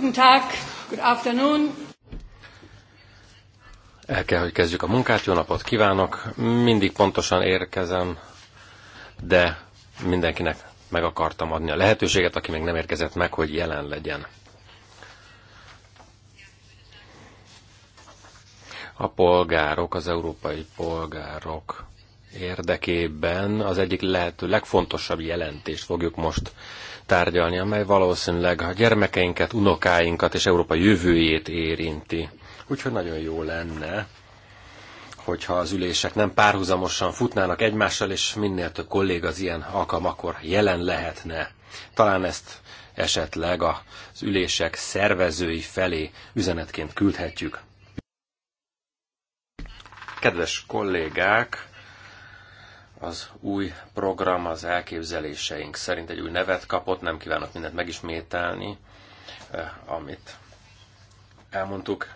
Guten Tag, good afternoon. El kell, hogy kezdjük a munkát. Jó napot kívánok. Mindig pontosan érkezem, de mindenkinek meg akartam adni a lehetőséget, aki még nem érkezett meg, hogy jelen legyen. A polgárok, az európai polgárok érdekében az egyik lehető legfontosabb jelentést fogjuk most tárgyalni, amely valószínűleg a gyermekeinket, unokáinkat és Európa jövőjét érinti. Úgyhogy nagyon jó lenne, hogyha az ülések nem párhuzamosan futnának egymással, és minél több kolléga az ilyen alkalmakor jelen lehetne. Talán ezt esetleg az ülések szervezői felé üzenetként küldhetjük. Kedves kollégák, az új program az elképzeléseink szerint egy új nevet kapott, nem kívánok mindent megismételni, eh, amit elmondtuk.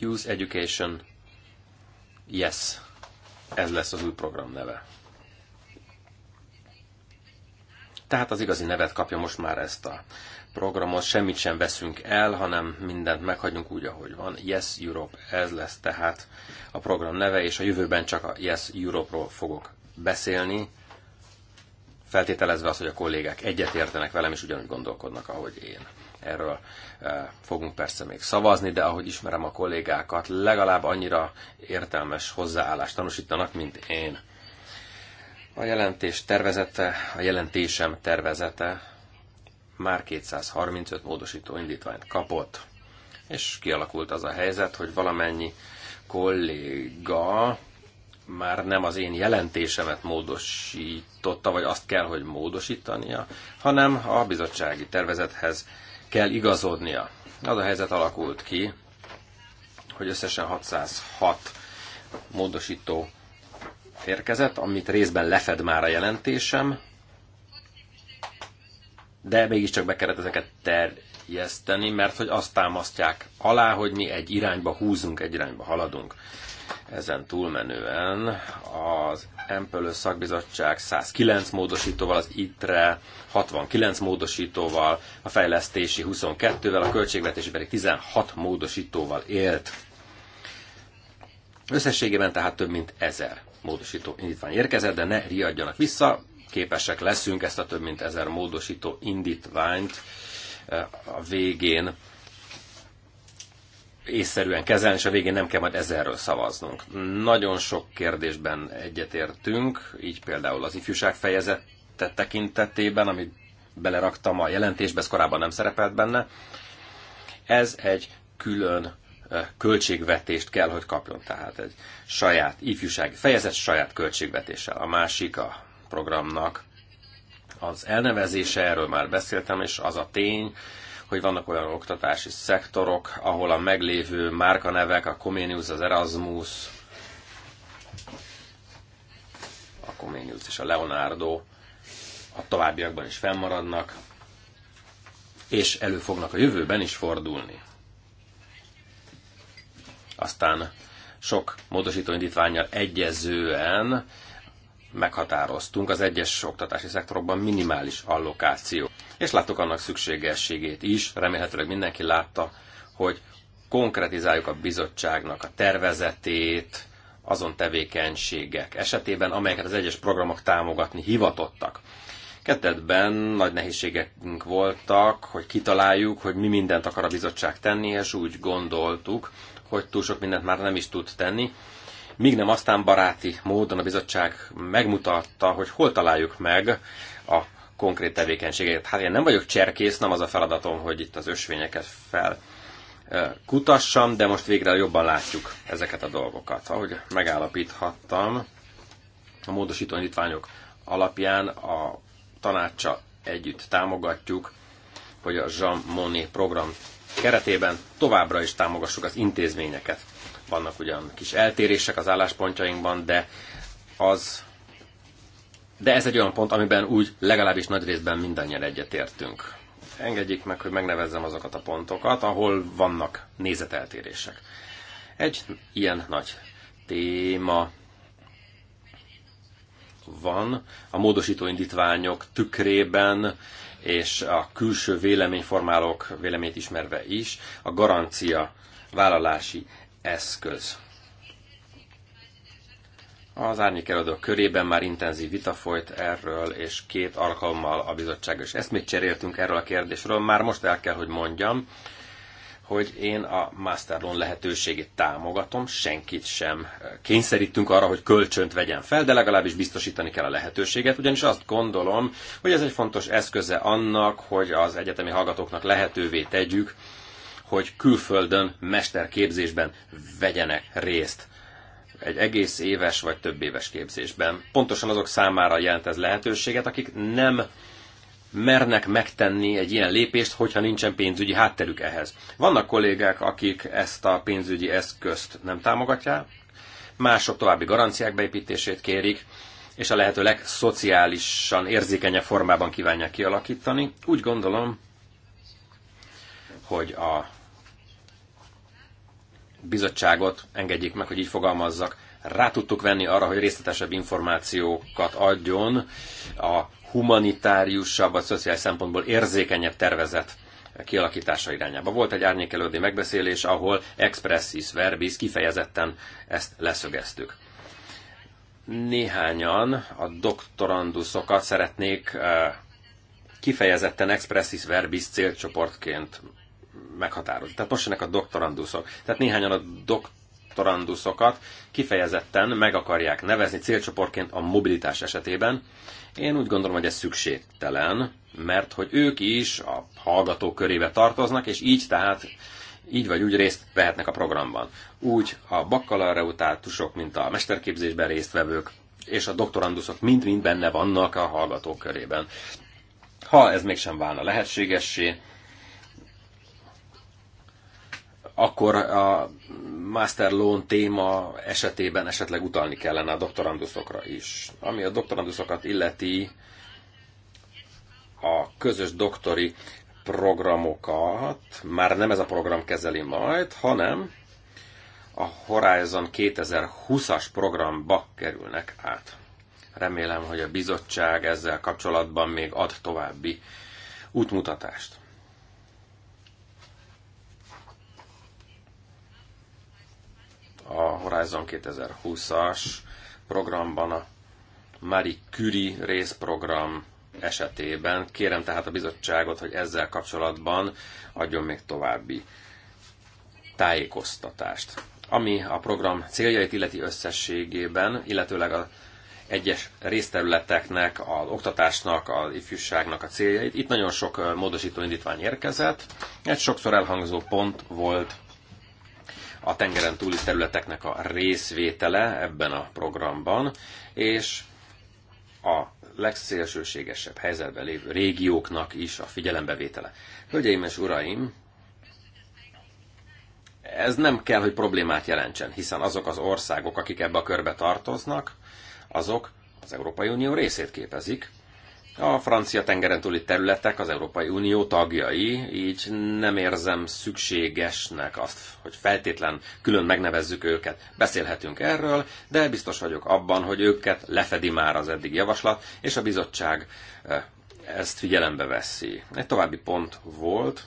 Use Education Yes. Ez lesz az új program neve. Tehát az igazi nevet kapja most már ezt a programot, semmit sem veszünk el, hanem mindent meghagyunk úgy, ahogy van. Yes Europe, ez lesz tehát a program neve, és a jövőben csak a Yes Europe-ról fogok beszélni, feltételezve az, hogy a kollégák egyet értenek velem, és ugyanúgy gondolkodnak, ahogy én. Erről eh, fogunk persze még szavazni, de ahogy ismerem a kollégákat, legalább annyira értelmes hozzáállást tanúsítanak, mint én. A jelentés tervezete, a jelentésem tervezete már 235 módosító indítványt kapott, és kialakult az a helyzet, hogy valamennyi kolléga már nem az én jelentésemet módosította, vagy azt kell, hogy módosítania, hanem a bizottsági tervezethez kell igazodnia. Az a helyzet alakult ki, hogy összesen 606 módosító érkezett, amit részben lefed már a jelentésem, de mégiscsak be kellett ezeket terjeszteni, mert hogy azt támasztják alá, hogy mi egy irányba húzunk, egy irányba haladunk. Ezen túlmenően az Empelő szakbizottság 109 módosítóval, az ITRE 69 módosítóval, a fejlesztési 22-vel, a költségvetési pedig 16 módosítóval élt. Összességében tehát több mint ezer módosító indítvány érkezett, de ne riadjanak vissza, képesek leszünk ezt a több mint ezer módosító indítványt eh, a végén észszerűen kezelni, és a végén nem kell majd ezerről szavaznunk. Nagyon sok kérdésben egyetértünk, így például az ifjúság fejezete tekintetében, amit beleraktam a jelentésbe, ez korábban nem szerepelt benne. Ez egy külön költségvetést kell, hogy kapjon. Tehát egy saját ifjúsági fejezet, saját költségvetéssel. A másik a programnak az elnevezése, erről már beszéltem, és az a tény, hogy vannak olyan oktatási szektorok, ahol a meglévő márkanevek, a Comenius, az Erasmus, a Comenius és a Leonardo a továbbiakban is fennmaradnak, és elő fognak a jövőben is fordulni. Aztán sok módosító indítványjal egyezően meghatároztunk az egyes oktatási szektorokban minimális allokáció. És láttuk annak szükségességét is, remélhetőleg mindenki látta, hogy konkretizáljuk a bizottságnak a tervezetét, azon tevékenységek esetében, amelyeket az egyes programok támogatni hivatottak. Kettedben nagy nehézségek voltak, hogy kitaláljuk, hogy mi mindent akar a bizottság tenni, és úgy gondoltuk, hogy túl sok mindent már nem is tud tenni, míg nem aztán baráti módon a bizottság megmutatta, hogy hol találjuk meg a konkrét tevékenységeket. Hát én nem vagyok cserkész, nem az a feladatom, hogy itt az ösvényeket fel kutassam, de most végre jobban látjuk ezeket a dolgokat. Ahogy megállapíthattam, a módosító indítványok alapján a tanácsa együtt támogatjuk, hogy a Jean Monnet program keretében továbbra is támogassuk az intézményeket. Vannak ugyan kis eltérések az álláspontjainkban, de az de ez egy olyan pont, amiben úgy legalábbis nagy részben mindannyian egyetértünk. Engedjék meg, hogy megnevezzem azokat a pontokat, ahol vannak nézeteltérések. Egy ilyen nagy téma van a módosító indítványok tükrében, és a külső véleményformálók véleményt ismerve is, a garancia vállalási eszköz. Az árnyék körében már intenzív vita folyt erről, és két alkalommal a bizottság is eszmét cseréltünk erről a kérdésről. Már most el kell, hogy mondjam, hogy én a Master Loan lehetőségét támogatom, senkit sem kényszerítünk arra, hogy kölcsönt vegyen fel, de legalábbis biztosítani kell a lehetőséget, ugyanis azt gondolom, hogy ez egy fontos eszköze annak, hogy az egyetemi hallgatóknak lehetővé tegyük, hogy külföldön mesterképzésben vegyenek részt. Egy egész éves vagy több éves képzésben. Pontosan azok számára jelent ez lehetőséget, akik nem mernek megtenni egy ilyen lépést, hogyha nincsen pénzügyi hátterük ehhez. Vannak kollégák, akik ezt a pénzügyi eszközt nem támogatják, mások további garanciák beépítését kérik, és a lehető legszociálisan érzékenyebb formában kívánják kialakítani. Úgy gondolom, hogy a bizottságot, engedjék meg, hogy így fogalmazzak, rá tudtuk venni arra, hogy részletesebb információkat adjon a humanitáriusabb, a szociális szempontból érzékenyebb tervezet kialakítása irányába. Volt egy árnyékelődő megbeszélés, ahol expressis verbis kifejezetten ezt leszögeztük. Néhányan a doktoranduszokat szeretnék eh, kifejezetten expressis verbis célcsoportként meghatározni. Tehát most jönnek a doktoranduszok. Tehát néhányan a doktoranduszokat kifejezetten meg akarják nevezni célcsoportként a mobilitás esetében. Én úgy gondolom, hogy ez szükségtelen, mert hogy ők is a hallgató körébe tartoznak, és így tehát így vagy úgy részt vehetnek a programban. Úgy a bakkalareutátusok, mint a mesterképzésben résztvevők, és a doktoranduszok mind-mind benne vannak a hallgatók körében. Ha ez mégsem válna lehetségessé, akkor a master loan téma esetében esetleg utalni kellene a doktoranduszokra is. Ami a doktoranduszokat illeti, a közös doktori programokat már nem ez a program kezeli majd, hanem a Horizon 2020-as programba kerülnek át. Remélem, hogy a bizottság ezzel kapcsolatban még ad további útmutatást. a Horizon 2020-as programban a Marie Curie részprogram esetében. Kérem tehát a bizottságot, hogy ezzel kapcsolatban adjon még további tájékoztatást. Ami a program céljait illeti összességében, illetőleg a egyes részterületeknek, az oktatásnak, az ifjúságnak a céljait. Itt nagyon sok módosító indítvány érkezett. Egy sokszor elhangzó pont volt a tengeren túli területeknek a részvétele ebben a programban, és a legszélsőségesebb helyzetben lévő régióknak is a figyelembevétele. Hölgyeim és uraim, ez nem kell, hogy problémát jelentsen, hiszen azok az országok, akik ebbe a körbe tartoznak, azok az Európai Unió részét képezik, a francia tengeren túli területek az Európai Unió tagjai, így nem érzem szükségesnek azt, hogy feltétlen külön megnevezzük őket. Beszélhetünk erről, de biztos vagyok abban, hogy őket lefedi már az eddig javaslat, és a bizottság eh, ezt figyelembe veszi. Egy további pont volt,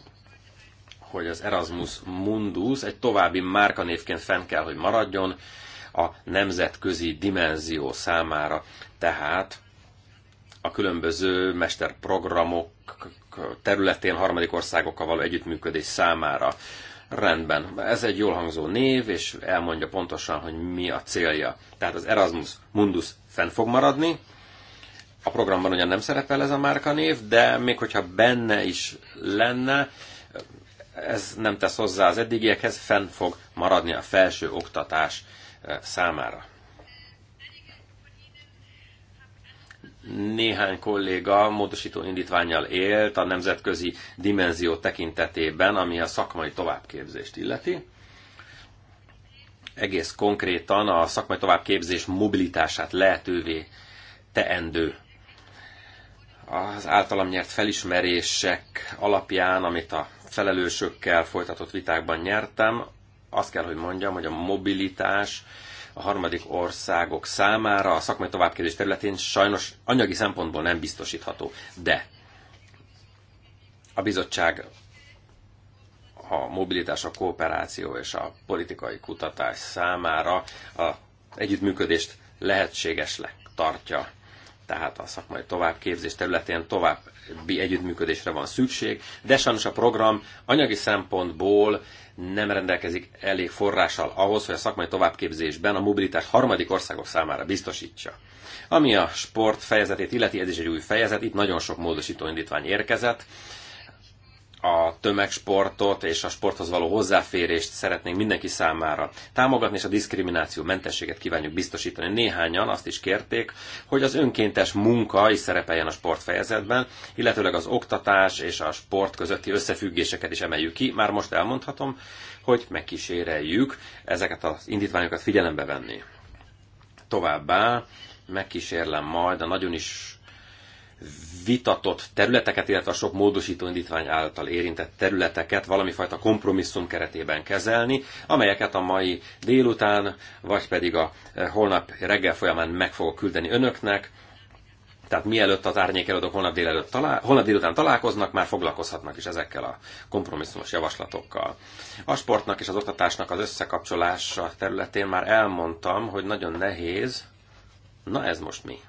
hogy az Erasmus Mundus egy további márkanévként fenn kell, hogy maradjon a nemzetközi dimenzió számára. Tehát a különböző mesterprogramok területén harmadik országokkal való együttműködés számára. Rendben, ez egy jól hangzó név, és elmondja pontosan, hogy mi a célja. Tehát az Erasmus Mundus fenn fog maradni, a programban ugyan nem szerepel ez a név, de még hogyha benne is lenne, ez nem tesz hozzá az eddigiekhez, fenn fog maradni a felső oktatás eh, számára. néhány kolléga módosító indítványjal élt a nemzetközi dimenzió tekintetében, ami a szakmai továbbképzést illeti. Egész konkrétan a szakmai továbbképzés mobilitását lehetővé teendő az általam nyert felismerések alapján, amit a felelősökkel folytatott vitákban nyertem, azt kell, hogy mondjam, hogy a mobilitás a harmadik országok számára a szakmai továbbképzés területén sajnos anyagi szempontból nem biztosítható. De a bizottság a mobilitás, a kooperáció és a politikai kutatás számára a együttműködést lehetségesnek tartja tehát a szakmai továbbképzés területén további együttműködésre van szükség, de sajnos a program anyagi szempontból nem rendelkezik elég forrással ahhoz, hogy a szakmai továbbképzésben a mobilitás harmadik országok számára biztosítsa. Ami a sport fejezetét illeti, ez is egy új fejezet, itt nagyon sok módosító indítvány érkezett, a tömegsportot és a sporthoz való hozzáférést szeretnénk mindenki számára támogatni, és a diszkrimináció mentességet kívánjuk biztosítani. Néhányan azt is kérték, hogy az önkéntes munka is szerepeljen a sportfejezetben, illetőleg az oktatás és a sport közötti összefüggéseket is emeljük ki. Már most elmondhatom, hogy megkíséreljük ezeket az indítványokat figyelembe venni. Továbbá megkísérlem majd a nagyon is vitatott területeket, illetve a sok módosító indítvány által érintett területeket valami fajta kompromisszum keretében kezelni, amelyeket a mai délután, vagy pedig a eh, holnap reggel folyamán meg fogok küldeni önöknek. Tehát mielőtt az árnyékelődők holnap, délelőtt talál, holnap délután találkoznak, már foglalkozhatnak is ezekkel a kompromisszumos javaslatokkal. A sportnak és az oktatásnak az összekapcsolása területén már elmondtam, hogy nagyon nehéz. Na ez most mi?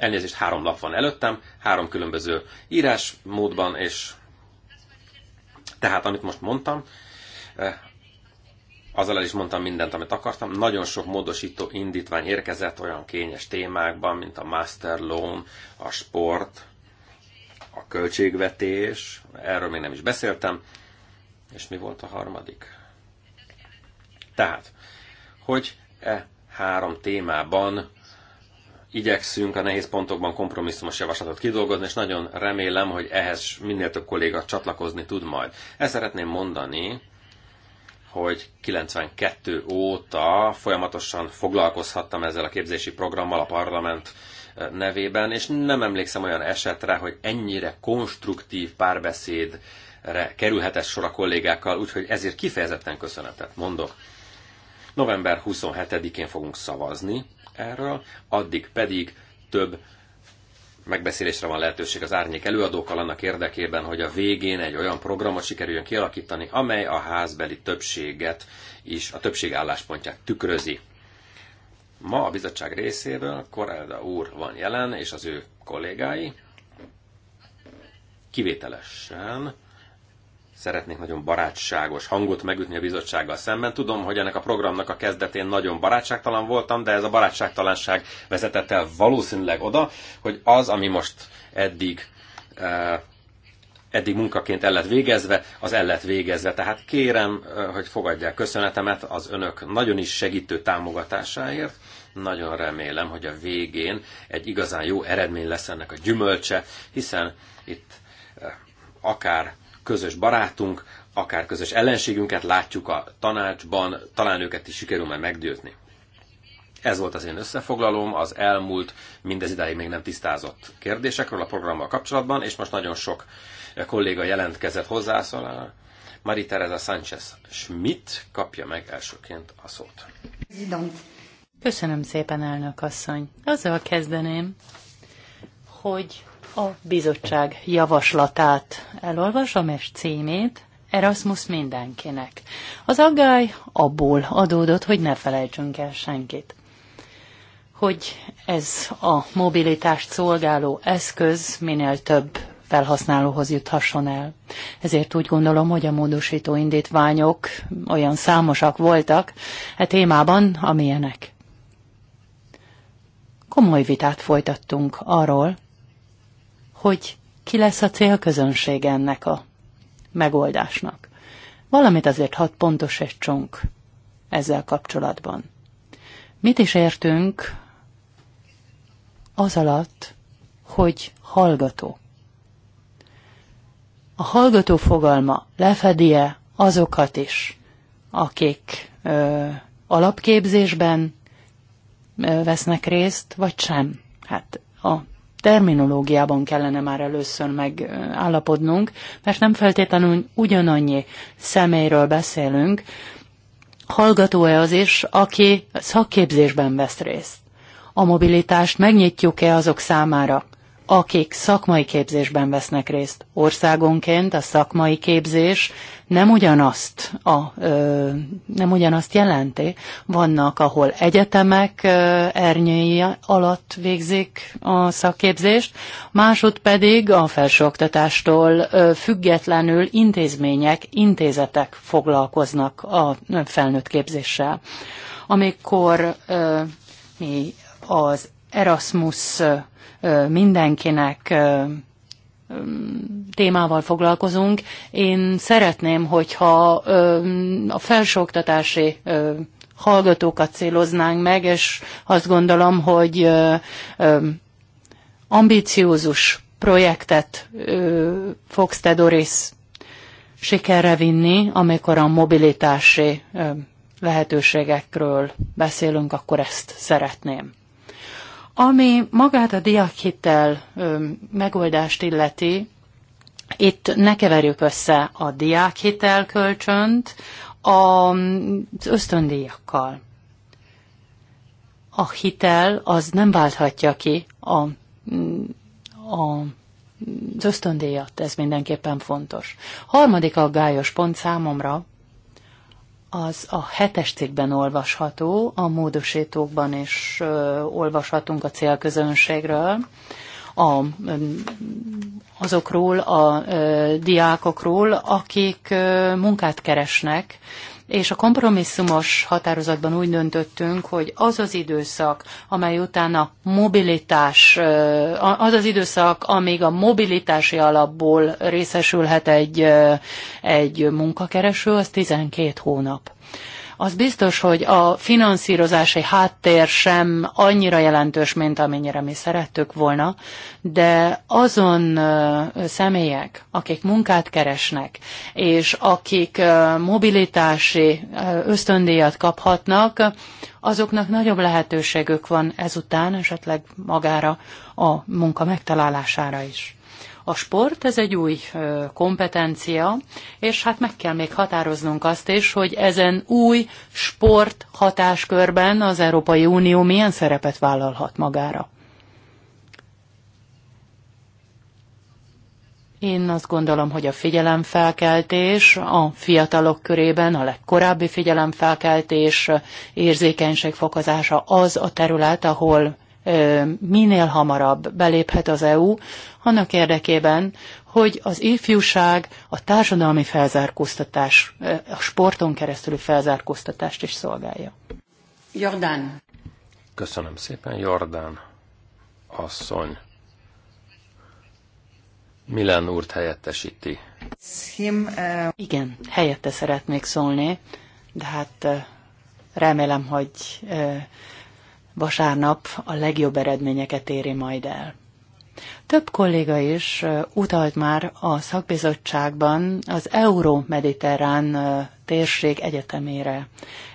Elnézést, három lap van előttem, három különböző írásmódban, és tehát amit most mondtam, eh, azzal el is mondtam mindent, amit akartam. Nagyon sok módosító indítvány érkezett olyan kényes témákban, mint a master loan, a sport, a költségvetés, erről még nem is beszéltem, és mi volt a harmadik? Tehát, hogy e három témában igyekszünk a nehéz pontokban kompromisszumos javaslatot kidolgozni, és nagyon remélem, hogy ehhez minél több kolléga csatlakozni tud majd. Ezt szeretném mondani, hogy 92 óta folyamatosan foglalkozhattam ezzel a képzési programmal a parlament eh, nevében, és nem emlékszem olyan esetre, hogy ennyire konstruktív párbeszédre kerülhetett sor a kollégákkal, úgyhogy ezért kifejezetten köszönetet mondok. November 27-én fogunk szavazni, erről, addig pedig több megbeszélésre van lehetőség az árnyék előadókkal annak érdekében, hogy a végén egy olyan programot sikerüljön kialakítani, amely a házbeli többséget is, a többség álláspontját tükrözi. Ma a bizottság részéről Korelda úr van jelen, és az ő kollégái kivételesen szeretnék nagyon barátságos hangot megütni a bizottsággal szemben. Tudom, hogy ennek a programnak a kezdetén nagyon barátságtalan voltam, de ez a barátságtalanság vezetett el valószínűleg oda, hogy az, ami most eddig eh, eddig munkaként el lett végezve, az el lett végezve. Tehát kérem, eh, hogy fogadják köszönetemet az önök nagyon is segítő támogatásáért. Nagyon remélem, hogy a végén egy igazán jó eredmény lesz ennek a gyümölcse, hiszen itt eh, akár közös barátunk, akár közös ellenségünket látjuk a tanácsban, talán őket is sikerül majd meggyőzni. Ez volt az én összefoglalom az elmúlt, mindez idáig még nem tisztázott kérdésekről a programmal kapcsolatban, és most nagyon sok kolléga jelentkezett hozzászólára. Mari Teresa Sánchez Schmidt kapja meg elsőként a szót. Köszönöm szépen, elnök asszony. Azzal kezdeném, hogy a bizottság javaslatát elolvasom, és címét Erasmus mindenkinek. Az aggály abból adódott, hogy ne felejtsünk el senkit hogy ez a mobilitást szolgáló eszköz minél több felhasználóhoz juthasson el. Ezért úgy gondolom, hogy a módosító indítványok olyan számosak voltak e témában, amilyenek. Komoly vitát folytattunk arról, hogy ki lesz a célközönség ennek a megoldásnak. Valamit azért hat pontos egy csonk ezzel kapcsolatban. Mit is értünk az alatt, hogy hallgató? A hallgató fogalma lefedie azokat is, akik ö, alapképzésben ö, vesznek részt, vagy sem? Hát a terminológiában kellene már először megállapodnunk, mert nem feltétlenül ugyanannyi személyről beszélünk, hallgató-e az is, aki szakképzésben vesz részt. A mobilitást megnyitjuk-e azok számára, akik szakmai képzésben vesznek részt. Országonként a szakmai képzés nem ugyanazt, a, ö, nem ugyanazt jelenti. Vannak, ahol egyetemek ö, ernyői alatt végzik a szakképzést, másod pedig a felsőoktatástól ö, függetlenül intézmények, intézetek foglalkoznak a felnőtt képzéssel. Amikor ö, mi az Erasmus mindenkinek témával foglalkozunk. Én szeretném, hogyha a felsőoktatási hallgatókat céloznánk meg, és azt gondolom, hogy ambiciózus projektet fogsz te, Doris, sikerre vinni, amikor a mobilitási lehetőségekről beszélünk, akkor ezt szeretném. Ami magát a diákhitel megoldást illeti, itt ne keverjük össze a diákhitel kölcsönt az ösztöndíjakkal. A hitel az nem válthatja ki a, a az ösztöndíjat, ez mindenképpen fontos. Harmadik aggályos pont számomra az a hetes cikkben olvasható, a módosítókban is ö, olvashatunk a célközönségről, a, ö, azokról a ö, diákokról, akik ö, munkát keresnek, és a kompromisszumos határozatban úgy döntöttünk, hogy az az időszak, amely után a mobilitás, az az időszak, amíg a mobilitási alapból részesülhet egy, egy munkakereső, az 12 hónap az biztos, hogy a finanszírozási háttér sem annyira jelentős, mint amennyire mi szerettük volna, de azon személyek, akik munkát keresnek, és akik mobilitási ösztöndíjat kaphatnak, azoknak nagyobb lehetőségük van ezután esetleg magára a munka megtalálására is. A sport ez egy új kompetencia, és hát meg kell még határoznunk azt is, hogy ezen új sport hatáskörben az Európai Unió milyen szerepet vállalhat magára. Én azt gondolom, hogy a figyelemfelkeltés a fiatalok körében a legkorábbi figyelemfelkeltés érzékenység fokozása az a terület, ahol minél hamarabb beléphet az EU, annak érdekében, hogy az ifjúság a társadalmi felzárkóztatás, a sporton keresztül felzárkóztatást is szolgálja. Jordán. Köszönöm szépen, Jordán asszony. Milán úrt helyettesíti. Igen, helyette szeretnék szólni, de hát remélem, hogy vasárnap a legjobb eredményeket éri majd el. Több kolléga is utalt már a szakbizottságban az Euró-Mediterrán térség egyetemére.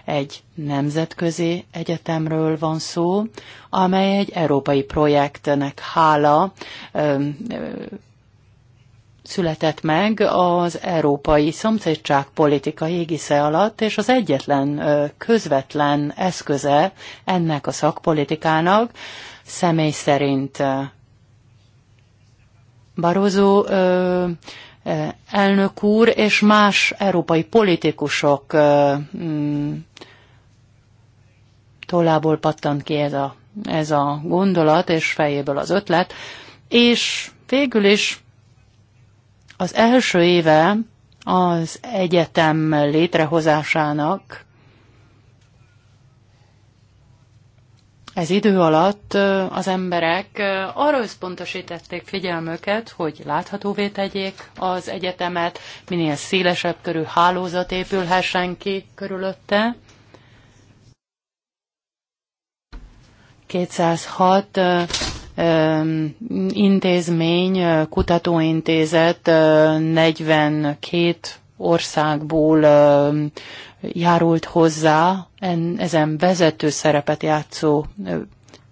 Egy nemzetközi egyetemről van szó, amely egy európai projektnek hála született meg az európai szomszédság politika égisze alatt, és az egyetlen közvetlen eszköze ennek a szakpolitikának személy szerint Barozó elnök úr és más európai politikusok mm, tollából pattant ki ez a, ez a gondolat és fejéből az ötlet, és végül is az első éve az egyetem létrehozásának ez idő alatt az emberek arra összpontosították figyelmüket, hogy láthatóvé tegyék az egyetemet, minél szélesebb körű hálózat épülhessen ki körülötte. 206 intézmény, kutatóintézet 42 országból járult hozzá ezen vezető szerepet játszó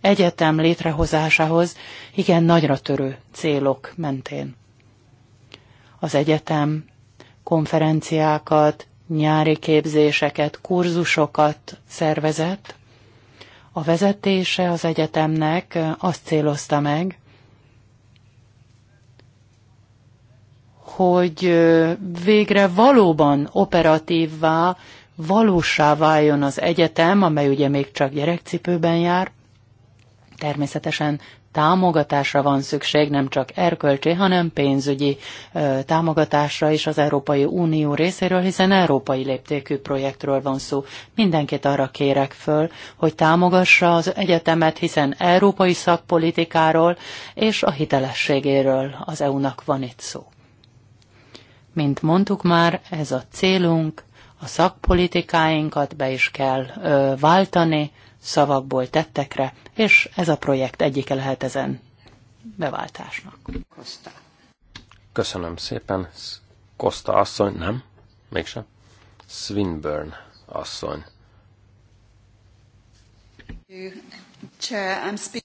egyetem létrehozásához, igen nagyra törő célok mentén. Az egyetem konferenciákat, nyári képzéseket, kurzusokat szervezett, a vezetése az egyetemnek azt célozta meg, hogy végre valóban operatívvá, valósá váljon az egyetem, amely ugye még csak gyerekcipőben jár. Természetesen támogatásra van szükség, nem csak erkölcsi, hanem pénzügyi támogatásra is az Európai Unió részéről, hiszen európai léptékű projektről van szó. Mindenkit arra kérek föl, hogy támogassa az egyetemet, hiszen európai szakpolitikáról és a hitelességéről az EU-nak van itt szó. Mint mondtuk már, ez a célunk, a szakpolitikáinkat be is kell ö, váltani, szavakból tettekre, és ez a projekt egyike lehet ezen beváltásnak. Kosta. Köszönöm szépen. Kosta asszony, nem? Mégsem. Swinburne asszony.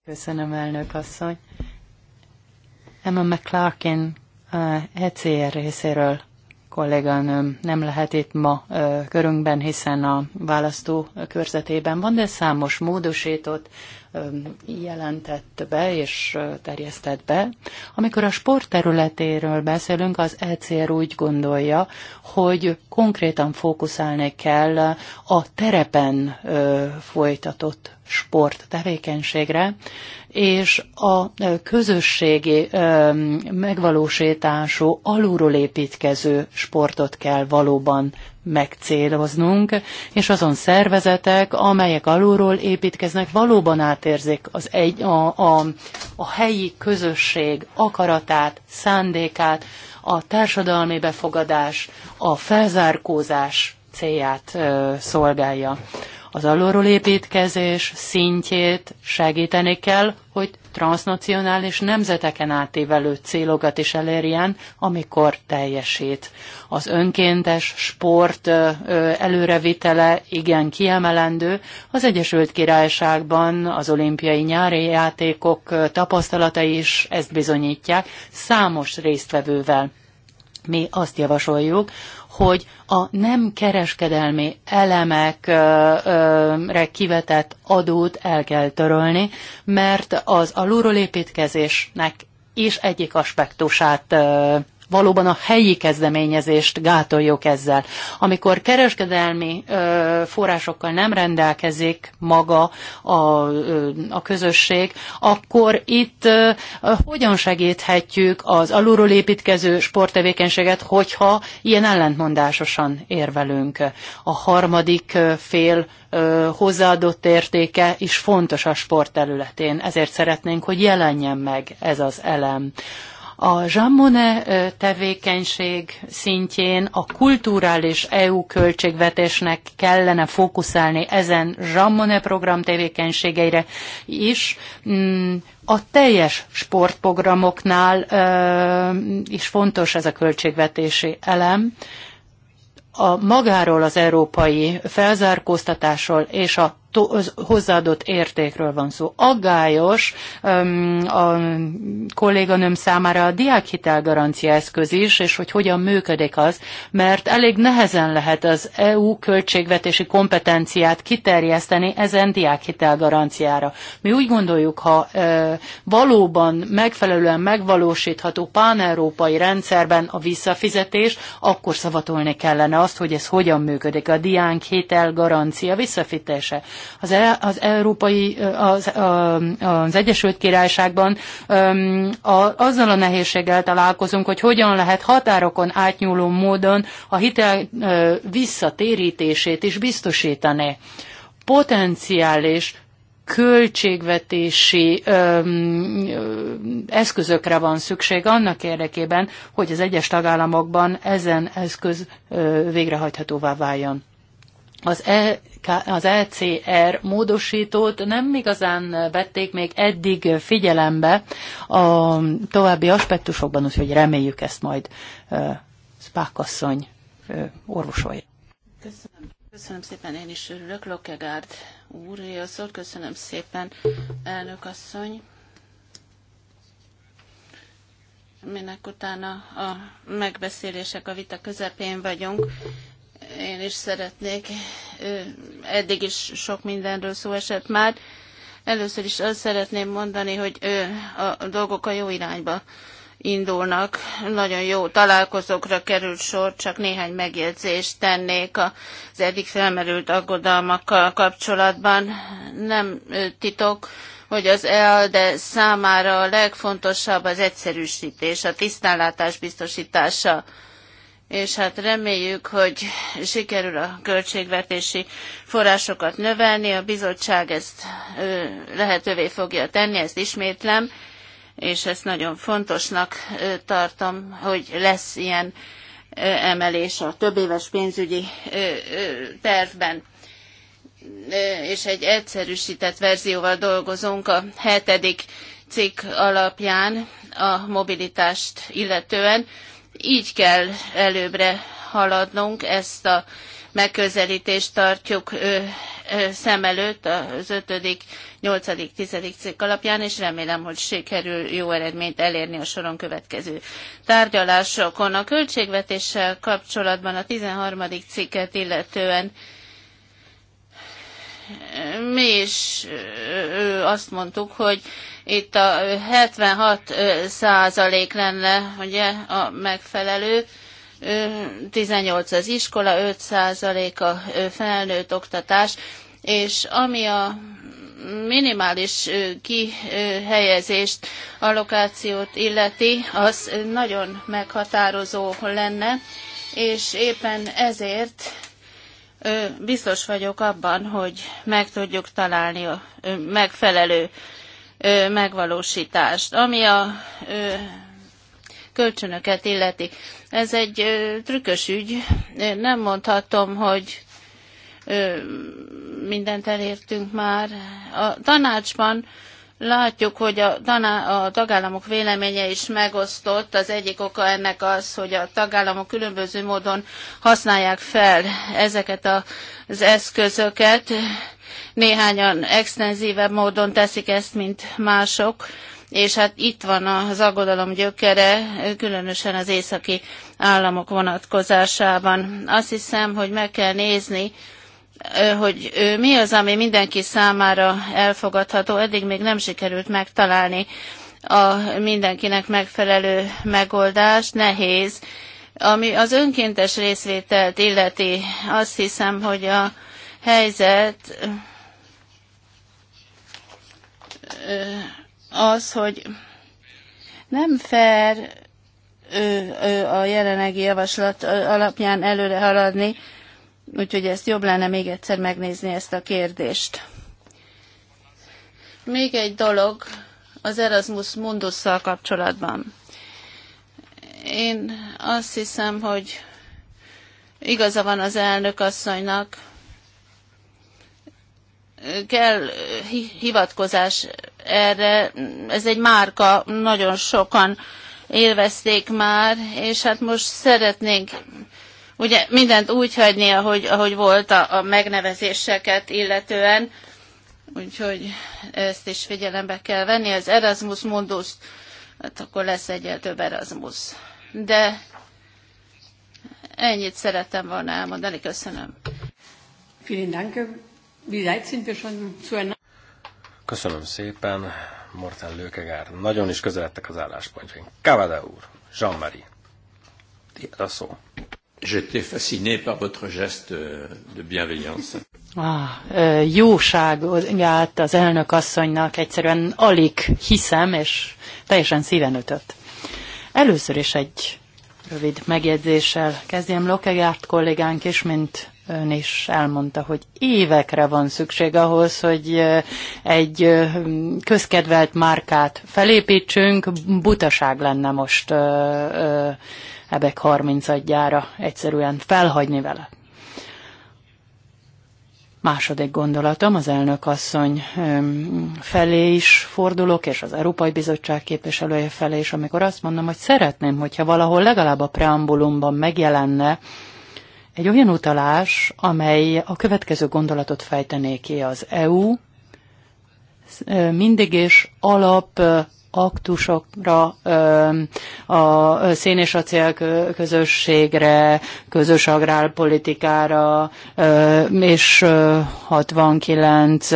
Köszönöm, elnök asszony. Emma McClarkin ECR részéről kolléganőm nem lehet itt ma körünkben, hiszen a választó körzetében van, de számos módosított jelentett be és terjesztett be. Amikor a sport területéről beszélünk, az ECR úgy gondolja, hogy konkrétan fókuszálni kell a terepen folytatott sport tevékenységre, és a közösségi megvalósítású, alulról építkező sportot kell valóban megcéloznunk, és azon szervezetek, amelyek alulról építkeznek, valóban átérzik az egy, a, a, a helyi közösség akaratát, szándékát, a társadalmi befogadás, a felzárkózás célját ö, szolgálja az alulról építkezés szintjét segíteni kell, hogy transnacionális nemzeteken átívelő célokat is elérjen, amikor teljesít. Az önkéntes sport előrevitele igen kiemelendő. Az Egyesült Királyságban az olimpiai nyári játékok tapasztalatai is ezt bizonyítják számos résztvevővel. Mi azt javasoljuk, hogy a nem kereskedelmi elemekre kivetett adót el kell törölni, mert az alulról építkezésnek és egyik aspektusát valóban a helyi kezdeményezést gátoljuk ezzel. Amikor kereskedelmi ö, forrásokkal nem rendelkezik maga a, ö, a közösség, akkor itt ö, hogyan segíthetjük az alulról építkező sporttevékenységet, hogyha ilyen ellentmondásosan érvelünk. A harmadik fél ö, hozzáadott értéke is fontos a sport területén, ezért szeretnénk, hogy jelenjen meg ez az elem. A Monnet tevékenység szintjén a kulturális EU költségvetésnek kellene fókuszálni ezen Monnet program tevékenységeire is. Mm, a teljes sportprogramoknál is fontos ez a költségvetési elem a magáról az európai felzárkóztatásról és a hozzáadott értékről van szó. Aggályos a kolléganőm számára a diákhitel garancia eszköz is, és hogy hogyan működik az, mert elég nehezen lehet az EU költségvetési kompetenciát kiterjeszteni ezen diákhitel garanciára. Mi úgy gondoljuk, ha valóban megfelelően megvalósítható páneurópai rendszerben a visszafizetés, akkor szavatolni kellene azt, hogy ez hogyan működik a diákhitel garancia visszafizetése. Az, e- az európai, az, az Egyesült Királyságban azzal a nehézséggel találkozunk, hogy hogyan lehet határokon átnyúló módon a hitel visszatérítését is biztosítani. Potenciális költségvetési öm, eszközökre van szükség annak érdekében, hogy az egyes tagállamokban ezen eszköz ö, végrehajthatóvá váljon az, e, az ECR módosítót nem igazán vették még eddig figyelembe a további aspektusokban, úgyhogy reméljük ezt majd uh, Spákasszony uh, orvosolja. Köszönöm. Köszönöm szépen, én is örülök, Lokegárd úr, a szót köszönöm szépen, elnök asszony. Minek utána a megbeszélések, a vita közepén vagyunk, én is szeretnék. Eddig is sok mindenről szó esett már. Először is azt szeretném mondani, hogy a dolgok a jó irányba indulnak. Nagyon jó találkozókra került sor, csak néhány megjegyzést tennék az eddig felmerült aggodalmakkal kapcsolatban. Nem titok, hogy az de számára a legfontosabb az egyszerűsítés, a tisztánlátás biztosítása és hát reméljük, hogy sikerül a költségvetési forrásokat növelni. A bizottság ezt lehetővé fogja tenni, ezt ismétlem, és ezt nagyon fontosnak tartom, hogy lesz ilyen emelés a többéves pénzügyi tervben és egy egyszerűsített verzióval dolgozunk a hetedik cikk alapján a mobilitást illetően így kell előbbre haladnunk, ezt a megközelítést tartjuk ö, ö, szem előtt az 5., 8., 10. cikk alapján, és remélem, hogy sikerül jó eredményt elérni a soron következő tárgyalásokon. A költségvetéssel kapcsolatban a 13. cikket illetően mi is azt mondtuk, hogy itt a 76 százalék lenne ugye, a megfelelő, 18 az iskola, 5 százalék a felnőtt oktatás, és ami a minimális kihelyezést, allokációt illeti, az nagyon meghatározó lenne, és éppen ezért biztos vagyok abban, hogy meg tudjuk találni a megfelelő megvalósítást. Ami a kölcsönöket illeti, ez egy trükkös ügy. Nem mondhatom, hogy mindent elértünk már. A tanácsban Látjuk, hogy a, taná, a tagállamok véleménye is megosztott. Az egyik oka ennek az, hogy a tagállamok különböző módon használják fel ezeket az eszközöket. Néhányan extenzívebb módon teszik ezt, mint mások és hát itt van az aggodalom gyökere, különösen az északi államok vonatkozásában. Azt hiszem, hogy meg kell nézni, hogy mi az, ami mindenki számára elfogadható, eddig még nem sikerült megtalálni a mindenkinek megfelelő megoldást, nehéz. Ami az önkéntes részvételt illeti, azt hiszem, hogy a helyzet az, hogy nem fair a jelenlegi javaslat alapján előre haladni, Úgyhogy ezt jobb lenne még egyszer megnézni ezt a kérdést. Még egy dolog az Erasmus Mundusszal kapcsolatban. Én azt hiszem, hogy igaza van az elnök asszonynak, kell hivatkozás erre, ez egy márka, nagyon sokan élvezték már, és hát most szeretnénk ugye mindent úgy hagyni, ahogy, ahogy volt a, a megnevezéseket illetően, úgyhogy ezt is figyelembe kell venni. Az Erasmus Mundus, hát akkor lesz egyel több Erasmus. De ennyit szerettem volna elmondani, köszönöm. Köszönöm szépen, Morten Lőkegár. Nagyon is közeledtek az álláspontjaink. Kavada úr, Jean-Marie, tiéd a szó. J'étais fasciné par votre geste euh, de bienveillance. Ah, jóságát az elnök asszonynak egyszerűen alig hiszem, és teljesen szíven ötött. Először is egy rövid megjegyzéssel kezdjem Lokegárt kollégánk is, mint ön is elmondta, hogy évekre van szükség ahhoz, hogy egy közkedvelt márkát felépítsünk, butaság lenne most ebek 30 adjára egyszerűen felhagyni vele. Második gondolatom az elnök asszony felé is fordulok, és az Európai Bizottság képviselője felé is, amikor azt mondom, hogy szeretném, hogyha valahol legalább a preambulumban megjelenne, egy olyan utalás, amely a következő gondolatot fejtené ki az EU, mindig is alap aktusokra, a szén és acél közösségre, közös agrárpolitikára, és 69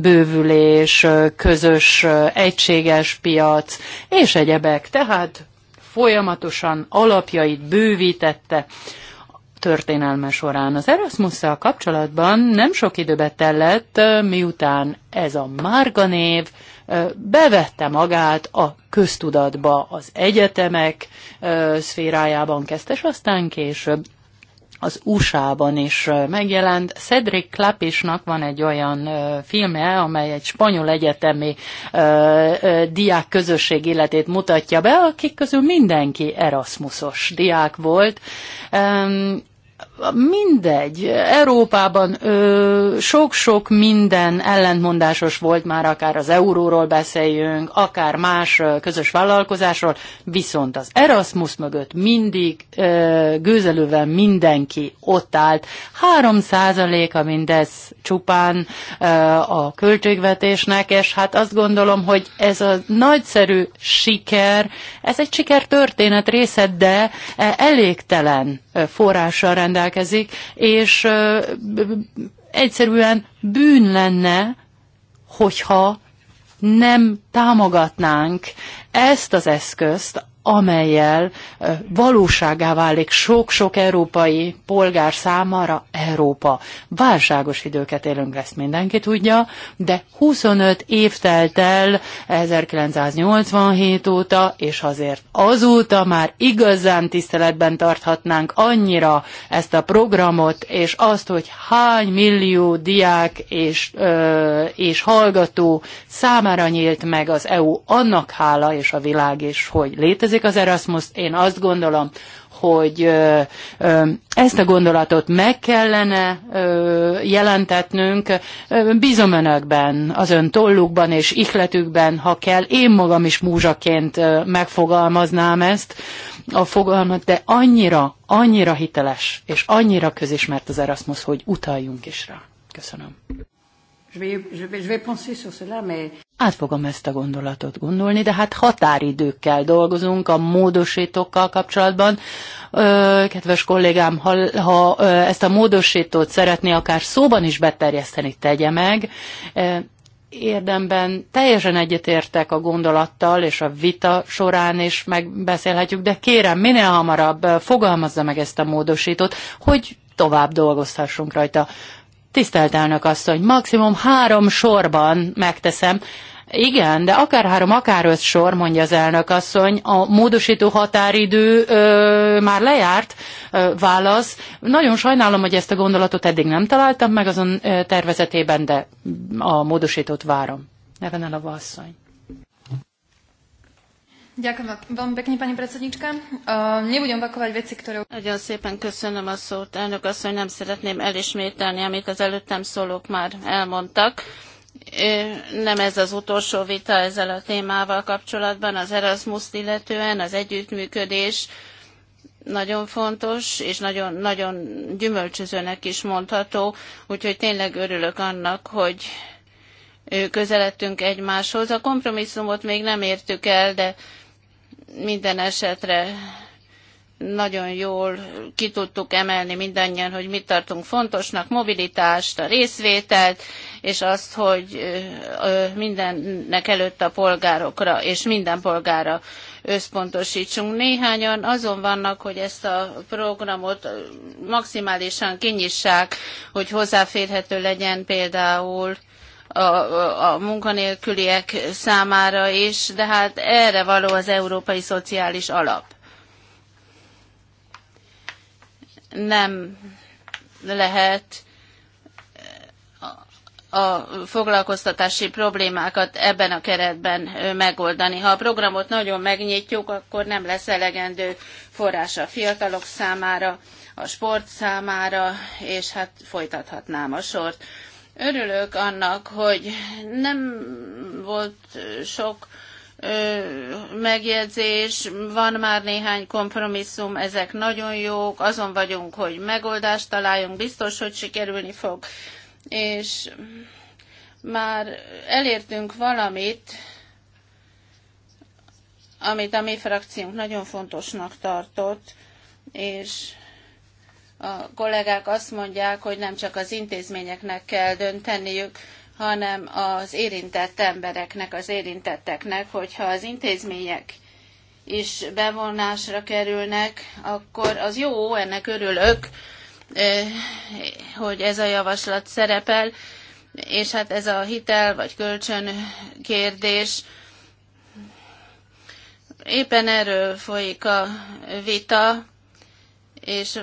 bővülés, közös egységes piac, és egyebek. Tehát folyamatosan alapjait bővítette történelme során. Az erasmus kapcsolatban nem sok időbe tellett, miután ez a márga név bevette magát a köztudatba, az egyetemek szférájában kezdte, és aztán később az USA-ban is megjelent. Cedric Klapisnak van egy olyan filme, amely egy spanyol egyetemi diák közösség életét mutatja be, akik közül mindenki Erasmusos diák volt, mindegy, Európában sok-sok minden ellentmondásos volt már, akár az euróról beszéljünk, akár más közös vállalkozásról, viszont az Erasmus mögött mindig ö, gőzelővel mindenki ott állt. 3 a mindez csupán ö, a költségvetésnek, és hát azt gondolom, hogy ez a nagyszerű siker, ez egy sikertörténet része, de e, elégtelen forrása rendelkezik, és egyszerűen bűn lenne, hogyha nem támogatnánk ezt az eszközt, amelyel valóságá válik sok-sok európai polgár számára Európa. Válságos időket élünk, ezt mindenki tudja, de 25 év telt el 1987 óta, és azért azóta már igazán tiszteletben tarthatnánk annyira ezt a programot, és azt, hogy hány millió diák és, ö, és hallgató számára nyílt meg az EU, annak hála és a világ is, hogy létezik, létezik az Erasmus, én azt gondolom, hogy ö, ö, ezt a gondolatot meg kellene ö, jelentetnünk. Bízom önökben, az ön tollukban és ihletükben, ha kell, én magam is múzsaként megfogalmaznám ezt a fogalmat, de annyira, annyira hiteles és annyira közismert az Erasmus, hogy utaljunk is rá. Köszönöm. Át fogom ezt a gondolatot gondolni, de hát határidőkkel dolgozunk a módosítókkal kapcsolatban. Ö, kedves kollégám, ha, ha ö, ezt a módosítót szeretné akár szóban is beterjeszteni, tegye meg. érdemben teljesen egyetértek a gondolattal, és a vita során is megbeszélhetjük, de kérem, minél hamarabb fogalmazza meg ezt a módosítót, hogy tovább dolgozhassunk rajta. Tisztelt elnök asszony, maximum három sorban megteszem, igen, de akár három, akár öt sor, mondja az elnök asszony, a módosító határidő ö, már lejárt ö, válasz. Nagyon sajnálom, hogy ezt a gondolatot eddig nem találtam meg azon ö, tervezetében, de a módosítót várom. Neven a asszony. Ďakujem vám pekne, pani predsednička. Ehm, nebudem opakovať veci, ktoré... Nagyon szépen köszönöm a szót, elnök asszony, nem szeretném elismételni, amit az előttem szólók már elmondtak. Nem ez az utolsó vita ezzel a témával kapcsolatban, az erasmus illetően, az együttműködés, nagyon fontos, és nagyon, nagyon gyümölcsözőnek is mondható, úgyhogy tényleg örülök annak, hogy közeledtünk egymáshoz. A kompromisszumot még nem értük el, de minden esetre nagyon jól ki tudtuk emelni mindannyian, hogy mit tartunk fontosnak, mobilitást, a részvételt, és azt, hogy mindennek előtt a polgárokra és minden polgára összpontosítsunk. Néhányan azon vannak, hogy ezt a programot maximálisan kinyissák, hogy hozzáférhető legyen például a, a, munkanélküliek számára is, de hát erre való az Európai Szociális Alap. Nem lehet a foglalkoztatási problémákat ebben a keretben megoldani. Ha a programot nagyon megnyitjuk, akkor nem lesz elegendő forrás a fiatalok számára, a sport számára, és hát folytathatnám a sort. Örülök annak, hogy nem volt sok ö, megjegyzés, van már néhány kompromisszum, ezek nagyon jók, azon vagyunk, hogy megoldást találjunk, biztos, hogy sikerülni fog, és már elértünk valamit, amit a mi frakciónk nagyon fontosnak tartott, és a kollégák azt mondják, hogy nem csak az intézményeknek kell dönteniük, hanem az érintett embereknek, az érintetteknek, hogyha az intézmények is bevonásra kerülnek, akkor az jó, ennek örülök, eh, hogy ez a javaslat szerepel, és hát ez a hitel vagy kölcsön kérdés, éppen erről folyik a vita, és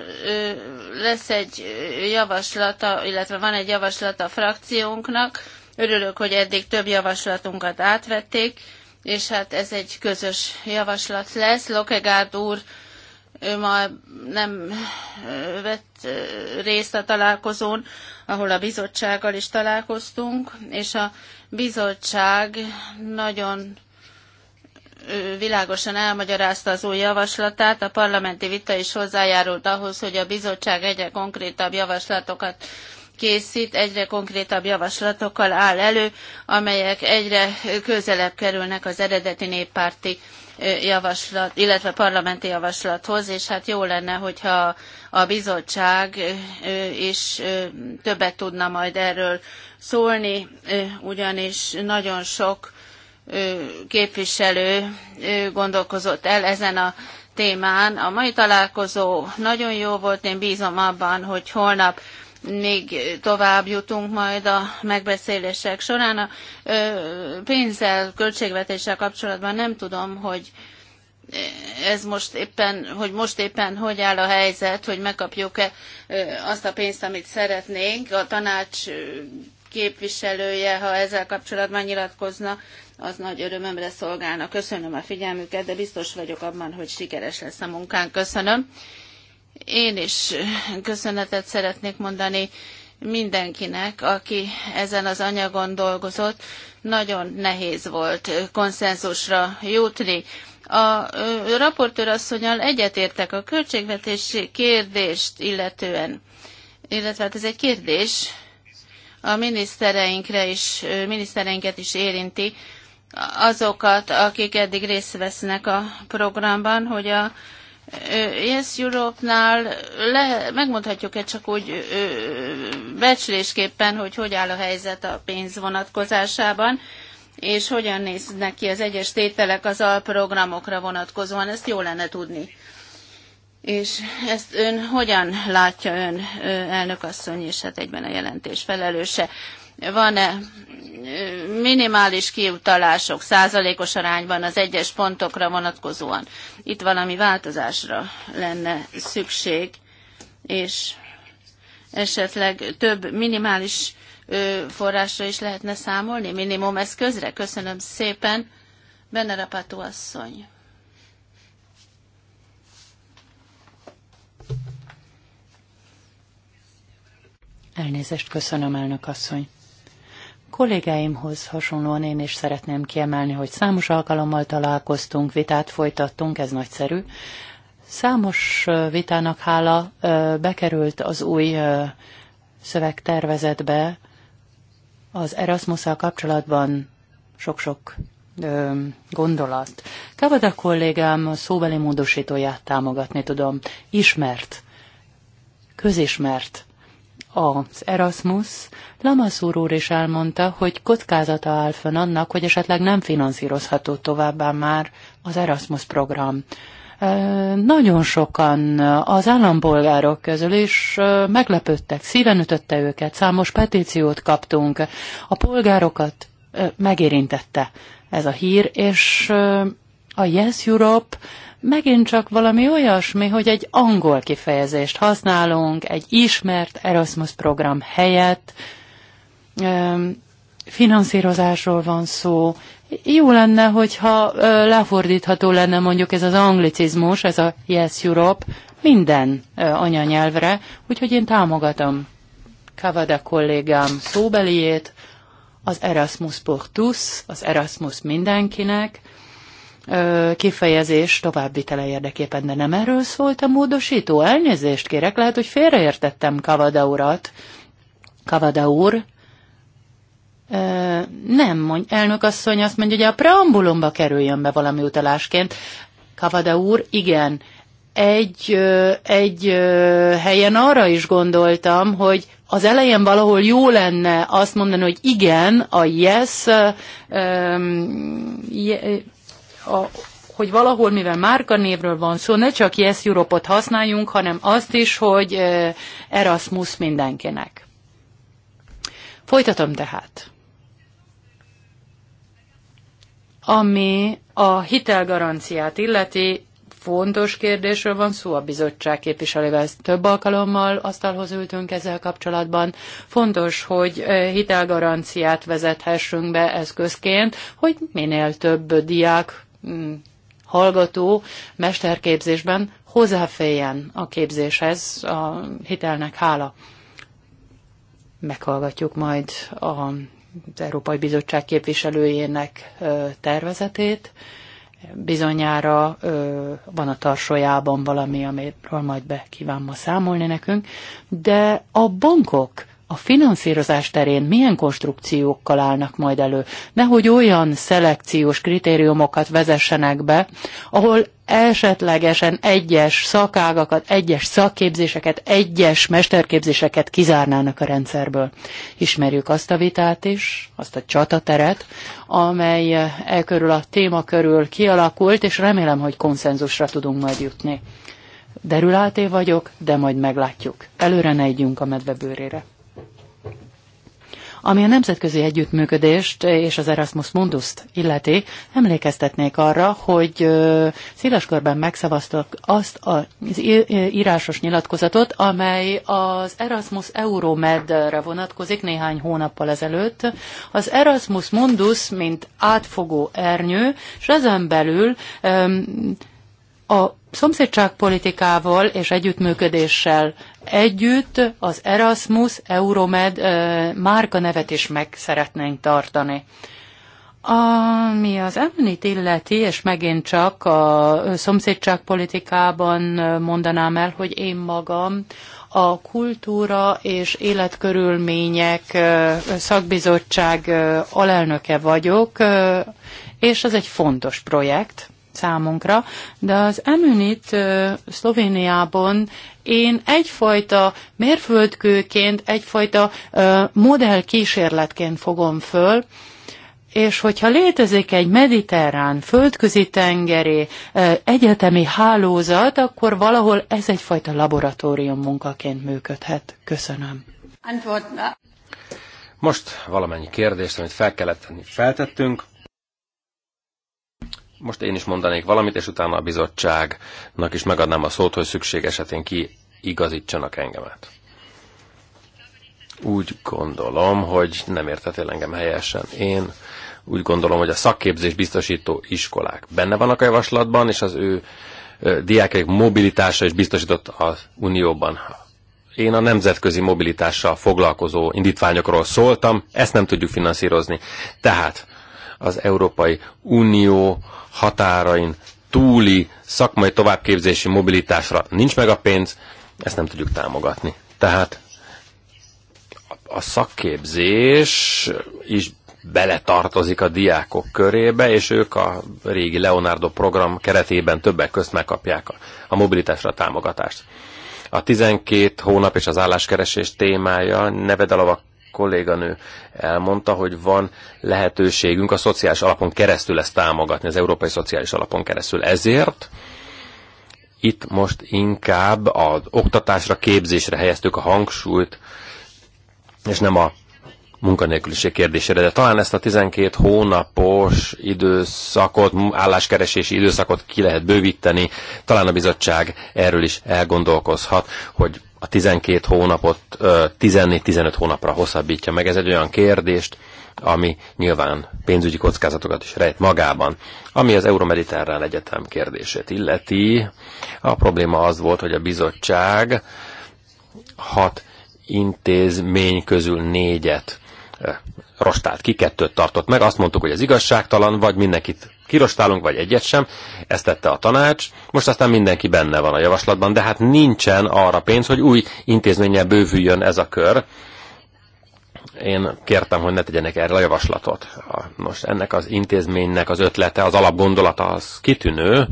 lesz egy javaslata, illetve van egy javaslat a frakciónknak. Örülök, hogy eddig több javaslatunkat átvették, és hát ez egy közös javaslat lesz. Lokegárd úr ő ma nem vett részt a találkozón, ahol a bizottsággal is találkoztunk, és a bizottság nagyon világosan elmagyarázta az új javaslatát, a parlamenti vita is hozzájárult ahhoz, hogy a bizottság egyre konkrétabb javaslatokat készít, egyre konkrétabb javaslatokkal áll elő, amelyek egyre közelebb kerülnek az eredeti néppárti javaslat, illetve parlamenti javaslathoz, és hát jó lenne, hogyha a bizottság is többet tudna majd erről szólni, ugyanis nagyon sok képviselő gondolkozott el ezen a témán. A mai találkozó nagyon jó volt, én bízom abban, hogy holnap még tovább jutunk majd a megbeszélések során. A pénzzel, költségvetéssel kapcsolatban nem tudom, hogy ez most éppen, hogy most éppen hogy áll a helyzet, hogy megkapjuk-e azt a pénzt, amit szeretnénk. A tanács képviselője, ha ezzel kapcsolatban nyilatkozna, az nagy örömömre szolgálna. Köszönöm a figyelmüket, de biztos vagyok abban, hogy sikeres lesz a munkánk. Köszönöm. Én is köszönetet szeretnék mondani mindenkinek, aki ezen az anyagon dolgozott. Nagyon nehéz volt konszenzusra jutni. A raportőr asszonyal egyetértek a költségvetési kérdést illetően, illetve hát ez egy kérdés, a minisztereinkre is, minisztereinket is érinti, azokat, akik eddig részt vesznek a programban, hogy a Yes Europe-nál le, megmondhatjuk-e csak úgy becslésképpen, hogy hogy áll a helyzet a pénz vonatkozásában, és hogyan néznek ki az egyes tételek az alprogramokra vonatkozóan, ezt jó lenne tudni. És ezt ön hogyan látja ön, asszony, és hát egyben a jelentés felelőse? van-e minimális kiutalások százalékos arányban az egyes pontokra vonatkozóan. Itt valami változásra lenne szükség, és esetleg több minimális forrásra is lehetne számolni, minimum eszközre. Köszönöm szépen, Benne Rapató asszony. Elnézést köszönöm, elnök asszony. Kollégáimhoz hasonlóan én is szeretném kiemelni, hogy számos alkalommal találkoztunk, vitát folytattunk, ez nagyszerű. Számos vitának hála bekerült az új szövegtervezetbe az erasmus kapcsolatban sok-sok gondolat. Kavada kollégám a szóbeli módosítóját támogatni tudom. Ismert, közismert az Erasmus, Lamaszúr úr is elmondta, hogy kockázata áll fönn annak, hogy esetleg nem finanszírozható továbbá már az Erasmus program. Nagyon sokan az állampolgárok közül is meglepődtek, szíven ütötte őket, számos petíciót kaptunk, a polgárokat megérintette ez a hír, és a Yes Europe megint csak valami olyasmi, hogy egy angol kifejezést használunk, egy ismert Erasmus program helyett, finanszírozásról van szó. Jó lenne, hogyha lefordítható lenne mondjuk ez az anglicizmus, ez a Yes Europe minden anyanyelvre, úgyhogy én támogatom Kavada kollégám szóbeliét, az Erasmus Portus, az Erasmus mindenkinek, kifejezés tele érdekében, de nem erről szólt a módosító. Elnézést kérek, lehet, hogy félreértettem Kavada urat. Kavada úr, nem, mondj, elnök asszony azt mondja, hogy a preambulumba kerüljön be valami utalásként. Kavada úr, igen, egy, egy helyen arra is gondoltam, hogy az elején valahol jó lenne azt mondani, hogy igen, a yes, a, hogy valahol, mivel márkanévről van szó, ne csak Yes Europe-ot használjunk, hanem azt is, hogy Erasmus mindenkinek. Folytatom tehát. Ami a hitelgaranciát illeti, fontos kérdésről van szó, a bizottság képviselővel több alkalommal asztalhoz ültünk ezzel kapcsolatban. Fontos, hogy hitelgaranciát vezethessünk be eszközként, hogy minél több diák Mm, hallgató mesterképzésben hozzáférjen a képzéshez a hitelnek hála. Meghallgatjuk majd a az Európai Bizottság képviselőjének tervezetét. Bizonyára van a tarsolyában valami, amiről majd be kíván ma számolni nekünk, de a bankok a finanszírozás terén milyen konstrukciókkal állnak majd elő, nehogy olyan szelekciós kritériumokat vezessenek be, ahol esetlegesen egyes szakágakat, egyes szakképzéseket, egyes mesterképzéseket kizárnának a rendszerből. Ismerjük azt a vitát is, azt a csatateret, amely e körül a téma körül kialakult, és remélem, hogy konszenzusra tudunk majd jutni. Derüláté vagyok, de majd meglátjuk. Előre ne a medve bőrére. Ami a nemzetközi együttműködést és az Erasmus Mundust illeti, emlékeztetnék arra, hogy széles körben megszavaztak azt az írásos nyilatkozatot, amely az Erasmus Euromedre vonatkozik néhány hónappal ezelőtt. Az Erasmus Mundus, mint átfogó ernyő, és ezen belül a szomszédságpolitikával és együttműködéssel együtt az Erasmus Euromed márka nevet is meg szeretnénk tartani. Ami az említ illeti, és megint csak a szomszédságpolitikában mondanám el, hogy én magam a kultúra és életkörülmények szakbizottság alelnöke vagyok, és ez egy fontos projekt számunkra, de az Emunit Szlovéniában én egyfajta mérföldkőként, egyfajta modellkísérletként fogom föl, és hogyha létezik egy mediterrán, földközi tengeri egyetemi hálózat, akkor valahol ez egyfajta laboratórium munkaként működhet. Köszönöm. Most valamennyi kérdést, amit fel kellett tenni, feltettünk. Most én is mondanék valamit, és utána a bizottságnak is megadnám a szót, hogy szükség esetén kiigazítsanak engemet. Úgy gondolom, hogy nem értetél engem helyesen. Én úgy gondolom, hogy a szakképzés biztosító iskolák benne vannak a javaslatban, és az ő diákek mobilitása is biztosított az Unióban. Én a nemzetközi mobilitással foglalkozó indítványokról szóltam, ezt nem tudjuk finanszírozni. Tehát az Európai Unió határain túli szakmai továbbképzési mobilitásra nincs meg a pénz, ezt nem tudjuk támogatni. Tehát a szakképzés is beletartozik a diákok körébe, és ők a régi Leonardo program keretében többek közt megkapják a, mobilitásra a támogatást. A 12 hónap és az álláskeresés témája Nevedalova kolléganő elmondta, hogy van lehetőségünk a szociális alapon keresztül ezt támogatni, az európai szociális alapon keresztül. Ezért itt most inkább az oktatásra, képzésre helyeztük a hangsúlyt, és nem a munkanélküliség kérdésére, de talán ezt a 12 hónapos időszakot, álláskeresési időszakot ki lehet bővíteni, talán a bizottság erről is elgondolkozhat, hogy a 12 hónapot 14-15 hónapra hosszabbítja meg. Ez egy olyan kérdést, ami nyilván pénzügyi kockázatokat is rejt magában. Ami az Euromediterrán Egyetem kérdését illeti, a probléma az volt, hogy a bizottság hat intézmény közül négyet rostált ki, kettőt tartott meg, azt mondtuk, hogy ez igazságtalan, vagy mindenkit kirostálunk, vagy egyet sem, ezt tette a tanács, most aztán mindenki benne van a javaslatban, de hát nincsen arra pénz, hogy új intézménnyel bővüljön ez a kör. Én kértem, hogy ne tegyenek erre a javaslatot. Most ennek az intézménynek az ötlete, az alapgondolata az kitűnő,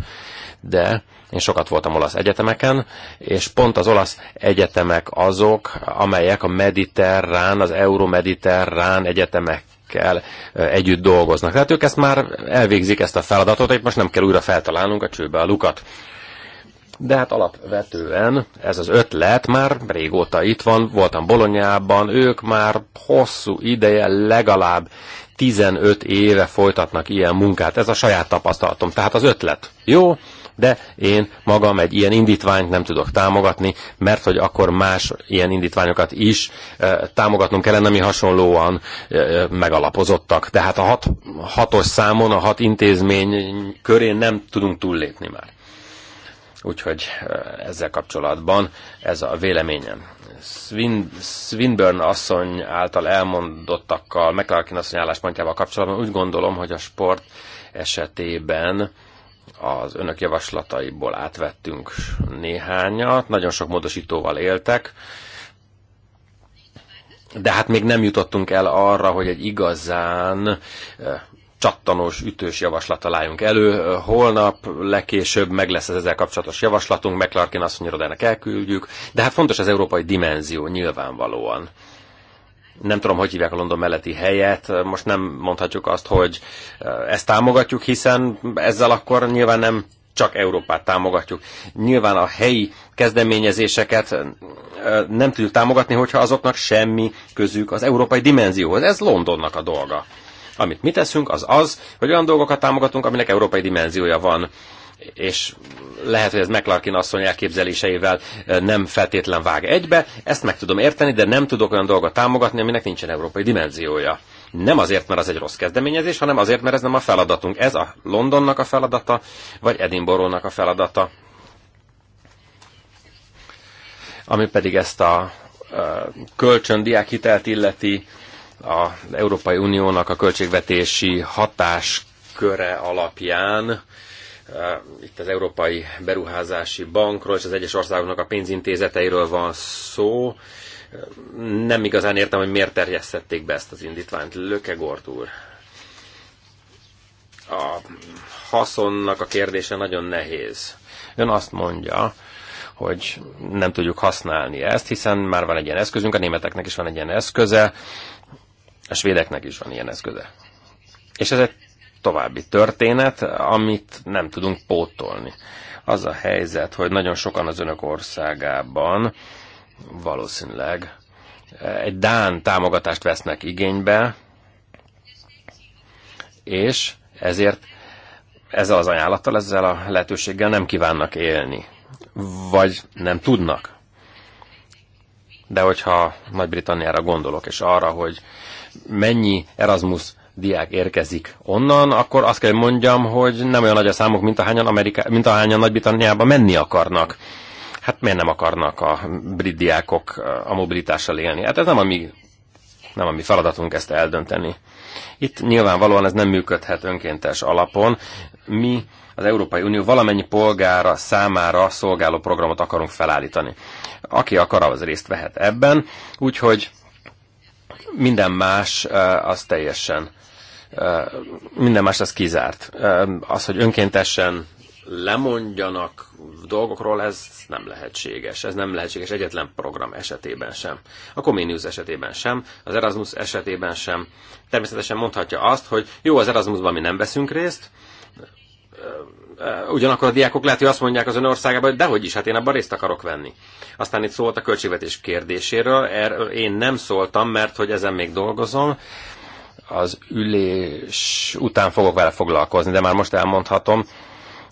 de én sokat voltam olasz egyetemeken, és pont az olasz egyetemek azok, amelyek a mediterrán, az euromediterrán egyetemek akikkel együtt dolgoznak. Tehát ők ezt már elvégzik ezt a feladatot, hogy most nem kell újra feltalálnunk a csőbe a lukat. De hát alapvetően ez az ötlet már régóta itt van, voltam Bolonyában, ők már hosszú ideje, legalább 15 éve folytatnak ilyen munkát. Ez a saját tapasztalatom. Tehát az ötlet jó, de én magam egy ilyen indítványt nem tudok támogatni, mert hogy akkor más ilyen indítványokat is támogatnunk kellene, ami hasonlóan megalapozottak. Tehát a hat, hatos számon, a hat intézmény körén nem tudunk túllépni már. Úgyhogy ezzel kapcsolatban ez a véleményem. Swin, Swinburne asszony által elmondottakkal, McLarkin asszony álláspontjával kapcsolatban úgy gondolom, hogy a sport esetében az önök javaslataiból átvettünk néhányat, nagyon sok módosítóval éltek, de hát még nem jutottunk el arra, hogy egy igazán eh, csattanós, ütős javaslat találjunk elő. Holnap legkésőbb meg lesz az ezzel kapcsolatos javaslatunk, McClarkin mondja, hogy elküldjük, de hát fontos az európai dimenzió nyilvánvalóan nem tudom, hogy hívják a London melletti helyet, most nem mondhatjuk azt, hogy eh, ezt támogatjuk, hiszen ezzel akkor nyilván nem csak Európát támogatjuk. Nyilván a helyi kezdeményezéseket eh, nem tudjuk támogatni, hogyha azoknak semmi közük az európai dimenzióhoz. Ez Londonnak a dolga. Amit mi teszünk, az az, hogy olyan dolgokat támogatunk, aminek európai dimenziója van és lehet, hogy ez McClarkin asszony elképzeléseivel eh, nem feltétlen vág egybe, ezt meg tudom érteni, de nem tudok olyan dolgot támogatni, aminek nincsen európai dimenziója. Nem azért, mert az egy rossz kezdeményezés, hanem azért, mert ez nem a feladatunk. Ez a Londonnak a feladata, vagy Edinburghnak a feladata. Ami pedig ezt a eh, hitelt illeti, az Európai Uniónak a költségvetési hatásköre alapján Eh, itt az Európai Beruházási Bankról és az egyes országoknak a pénzintézeteiről van szó. Nem igazán értem, hogy miért terjesztették be ezt az indítványt. Löke Gortúr. A haszonnak a kérdése nagyon nehéz. Ön azt mondja, hogy nem tudjuk használni ezt, hiszen már van egy ilyen eszközünk, a németeknek is van egy ilyen eszköze, a svédeknek is van ilyen eszköze. És ez egy további történet, amit nem tudunk pótolni. Az a helyzet, hogy nagyon sokan az önök országában valószínűleg eh, egy Dán támogatást vesznek igénybe, és ezért ezzel az ajánlattal, ezzel a lehetőséggel nem kívánnak élni, vagy nem tudnak. De hogyha Nagy-Britanniára gondolok, és arra, hogy mennyi Erasmus diák érkezik onnan, akkor azt kell mondjam, hogy nem olyan nagy a számuk, mint ahányan, Amerika, mint ahányan Nagy-Britanniába menni akarnak. Hát miért nem akarnak a brit diákok eh, a mobilitással élni? Hát ez nem a mi, nem a mi feladatunk ezt eldönteni. Itt nyilvánvalóan ez nem működhet önkéntes alapon. Mi az Európai Unió valamennyi polgára számára szolgáló programot akarunk felállítani. Aki akar, az részt vehet ebben, úgyhogy minden más eh, az teljesen minden más az kizárt. Az, hogy önkéntesen lemondjanak dolgokról, ez nem lehetséges. Ez nem lehetséges egyetlen program esetében sem. A Comenius esetében sem, az Erasmus esetében sem. Természetesen mondhatja azt, hogy jó, az Erasmusban mi nem veszünk részt, ugyanakkor a diákok lehet, hogy azt mondják az ön országában, hogy dehogy is, hát én abban részt akarok venni. Aztán itt szólt a költségvetés kérdéséről, er, én nem szóltam, mert hogy ezen még dolgozom, az ülés után fogok vele foglalkozni, de már most elmondhatom,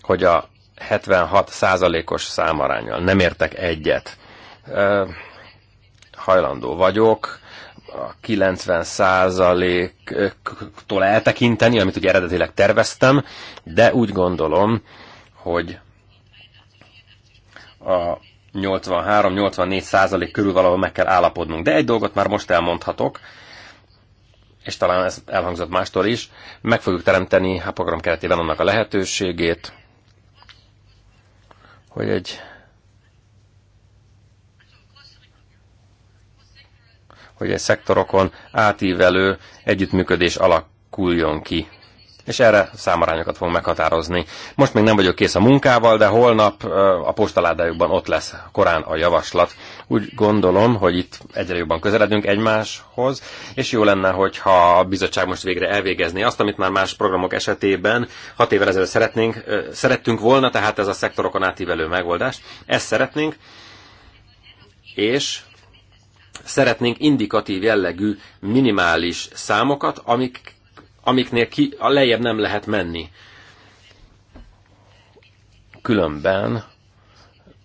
hogy a 76 százalékos számarányal nem értek egyet. Hajlandó vagyok a 90 százaléktól eltekinteni, amit ugye eredetileg terveztem, de úgy gondolom, hogy a 83-84 százalék körül valahol meg kell állapodnunk. De egy dolgot már most elmondhatok, és talán ez elhangzott mástól is, meg fogjuk teremteni a program keretében annak a lehetőségét, hogy egy hogy egy szektorokon átívelő együttműködés alakuljon ki és erre számarányokat fogunk meghatározni. Most még nem vagyok kész a munkával, de holnap a postaládájukban ott lesz korán a javaslat. Úgy gondolom, hogy itt egyre jobban közeledünk egymáshoz, és jó lenne, hogyha a bizottság most végre elvégezni azt, amit már más programok esetében hat évvel ezelőtt szeretnénk, szerettünk volna, tehát ez a szektorokon átívelő megoldás. Ezt szeretnénk, és szeretnénk indikatív jellegű minimális számokat, amik amiknél ki, a lejjebb nem lehet menni. Különben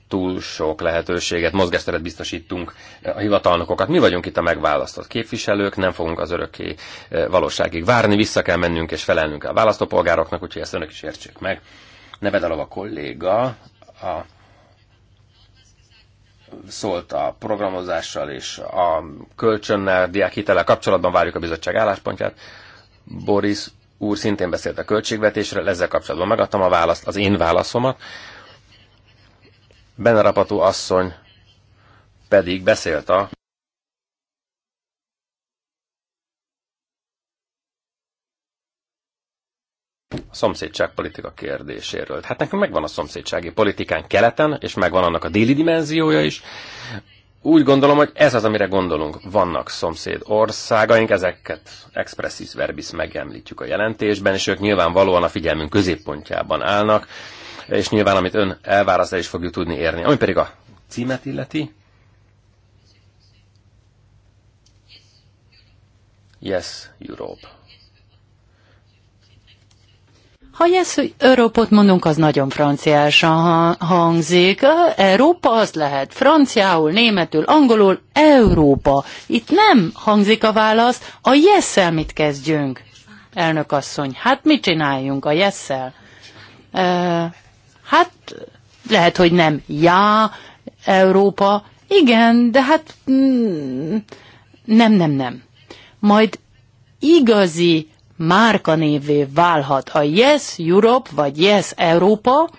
túl sok lehetőséget, mozgásteret biztosítunk a hivatalnokokat. Mi vagyunk itt a megválasztott képviselők, nem fogunk az örökké eh, valóságig várni, vissza kell mennünk és felelnünk a választópolgároknak, úgyhogy ezt önök is értsék meg. Nevedalov a kolléga a szólt a programozással és a kölcsönnel, diákhitellel kapcsolatban várjuk a bizottság álláspontját. Boris úr szintén beszélt a költségvetésről, ezzel kapcsolatban megadtam a választ, az én válaszomat. Benne Rapató asszony pedig beszélt a a szomszédságpolitika kérdéséről. Hát nekünk megvan a szomszédsági politikán keleten, és megvan annak a déli dimenziója is úgy gondolom, hogy ez az, amire gondolunk. Vannak szomszéd országaink, ezeket expressis verbis megemlítjük a jelentésben, és ők nyilvánvalóan a figyelmünk középpontjában állnak, és nyilván, amit ön elváraszt, el is fogjuk tudni érni. Ami pedig a címet illeti. Yes, Europe. Ha ez, hogy Európot mondunk, az nagyon franciásan hangzik. Európa az lehet. Franciául, németül, angolul, Európa. Itt nem hangzik a válasz. A jesszel mit kezdjünk? Elnök asszony, hát mit csináljunk a jesszel? hát lehet, hogy nem já, Európa. Igen, de hát mm, nem, nem, nem. Majd igazi márkanévé válhat. A Yes Europe vagy Yes Európa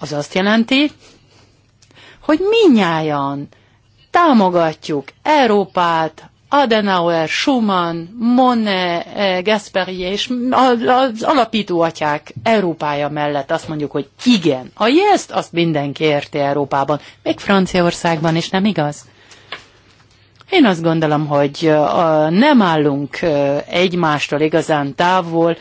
az azt jelenti, hogy minnyáján támogatjuk Európát, Adenauer, Schumann, Monet, eh, Gasperi és az alapító atyák Európája mellett azt mondjuk, hogy igen, a jeszt azt mindenki érti Európában, még Franciaországban is, nem igaz? Én azt gondolom, hogy nem állunk egymástól igazán távol.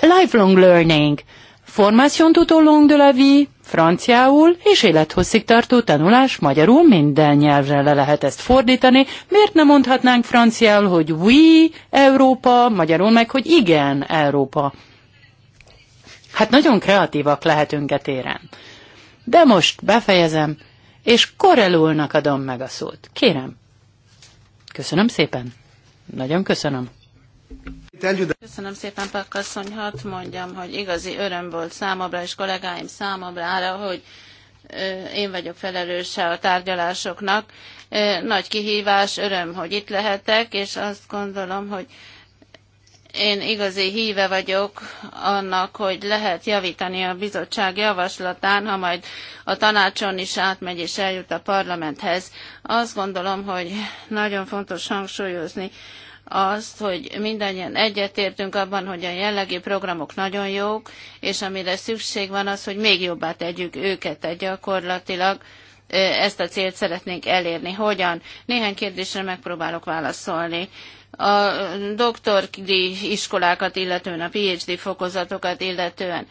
Lifelong learning, formation tout au long de la vie, franciául, és élethosszig tartó tanulás magyarul minden nyelvre le lehet ezt fordítani. Miért nem mondhatnánk franciául, hogy we Európa, magyarul meg, hogy igen Európa? Hát nagyon kreatívak lehetünk e téren. De most befejezem, és korelulnak adom meg a szót. Kérem. Köszönöm szépen. Nagyon köszönöm. Köszönöm szépen, Pakasszony, hadd mondjam, hogy igazi öröm volt számomra és kollégáim számomra, hogy én vagyok felelőse a tárgyalásoknak. Nagy kihívás, öröm, hogy itt lehetek, és azt gondolom, hogy én igazi híve vagyok annak, hogy lehet javítani a bizottság javaslatán, ha majd a tanácson is átmegy és eljut a parlamenthez. Azt gondolom, hogy nagyon fontos hangsúlyozni azt, hogy mindannyian egyetértünk abban, hogy a jellegi programok nagyon jók, és amire szükség van az, hogy még jobbá tegyük őket, egy gyakorlatilag ezt a célt szeretnénk elérni. Hogyan? Néhány kérdésre megpróbálok válaszolni a doktori iskolákat illetően, a PhD fokozatokat illetően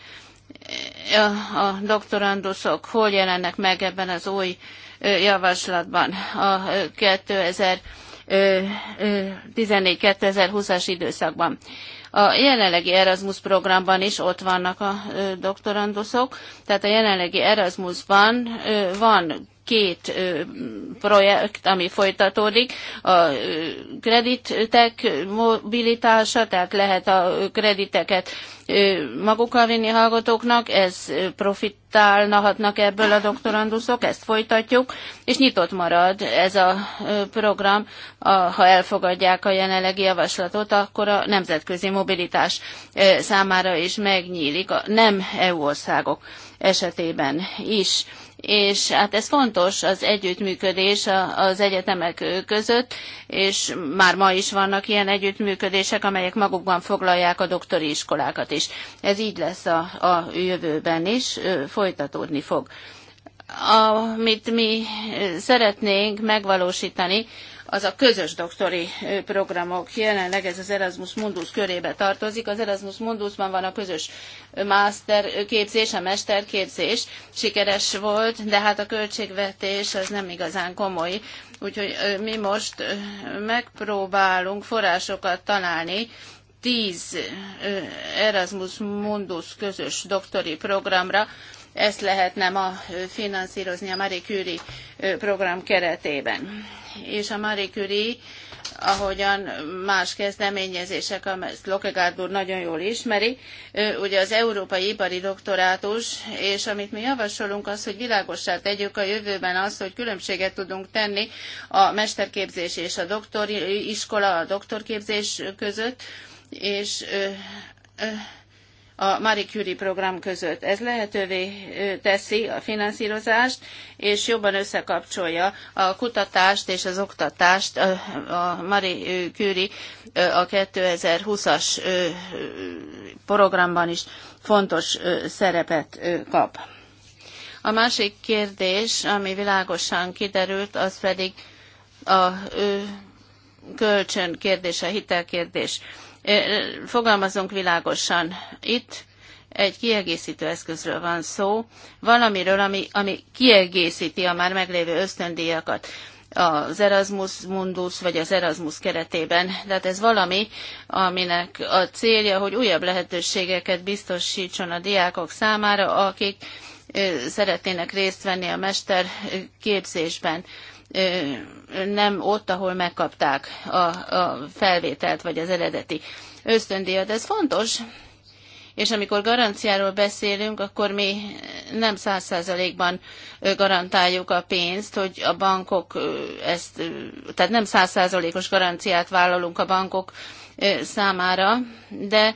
a doktoranduszok hol jelennek meg ebben az új javaslatban a 2014-2020-as időszakban. A jelenlegi Erasmus programban is ott vannak a doktoranduszok, tehát a jelenlegi Erasmusban van két projekt, ami folytatódik, a kreditek mobilitása, tehát lehet a krediteket magukkal vinni hallgatóknak, ez profitálnahatnak ebből a doktoranduszok, ezt folytatjuk, és nyitott marad ez a program, a, ha elfogadják a jelenlegi javaslatot, akkor a nemzetközi mobilitás számára is megnyílik a nem EU országok esetében is és hát ez fontos az együttműködés az egyetemek között, és már ma is vannak ilyen együttműködések, amelyek magukban foglalják a doktori iskolákat is. Ez így lesz a, a jövőben is, folytatódni fog. Amit mi szeretnénk megvalósítani, az a közös doktori programok. Jelenleg ez az Erasmus Mundus körébe tartozik. Az Erasmus Mundusban van a közös master képzés, a mesterképzés. Sikeres volt, de hát a költségvetés az nem igazán komoly. Úgyhogy mi most megpróbálunk forrásokat találni, tíz Erasmus Mundus közös doktori programra, ezt lehetne ma finanszírozni a Marie Curie program keretében. És a Marie Curie, ahogyan más kezdeményezések, amelyet Lokegárd úr nagyon jól ismeri, ugye az Európai Ipari Doktorátus, és amit mi javasolunk az, hogy világossá tegyük a jövőben azt, hogy különbséget tudunk tenni a mesterképzés és a doktori iskola, a doktorképzés között, és ö, ö, a Marie Curie program között. Ez lehetővé teszi a finanszírozást, és jobban összekapcsolja a kutatást és az oktatást. A Marie Curie a 2020-as programban is fontos szerepet kap. A másik kérdés, ami világosan kiderült, az pedig a kölcsön kérdése, hitelkérdés. kérdés Fogalmazunk világosan. Itt egy kiegészítő eszközről van szó, valamiről, ami, ami kiegészíti a már meglévő ösztöndíjakat az Erasmus Mundus vagy az Erasmus keretében. Tehát ez valami, aminek a célja, hogy újabb lehetőségeket biztosítson a diákok számára, akik szeretnének részt venni a mesterképzésben nem ott, ahol megkapták a, a felvételt, vagy az eredeti ösztöndíjat. Ez fontos, és amikor garanciáról beszélünk, akkor mi nem száz százalékban garantáljuk a pénzt, hogy a bankok ezt, tehát nem száz százalékos garanciát vállalunk a bankok számára, de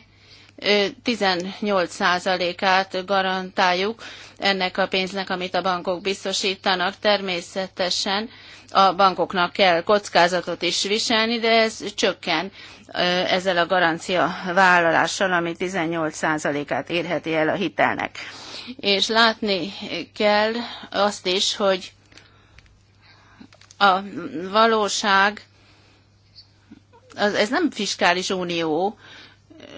18%-át garantáljuk ennek a pénznek, amit a bankok biztosítanak. Természetesen a bankoknak kell kockázatot is viselni, de ez csökken ezzel a garancia vállalással, ami 18%-át érheti el a hitelnek. És látni kell azt is, hogy a valóság, az, ez nem fiskális unió,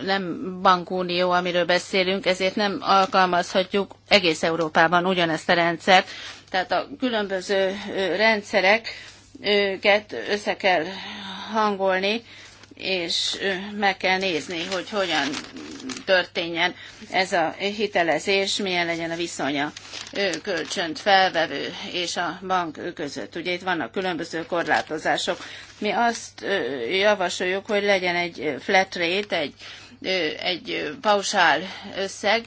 nem bankunió, amiről beszélünk, ezért nem alkalmazhatjuk egész Európában ugyanezt a rendszert, tehát a különböző rendszereket össze kell hangolni, és meg kell nézni, hogy hogyan történjen ez a hitelezés, milyen legyen a viszonya kölcsönt felvevő és a bank között. Ugye itt vannak különböző korlátozások. Mi azt javasoljuk, hogy legyen egy flat rate, egy, egy pausál összeg,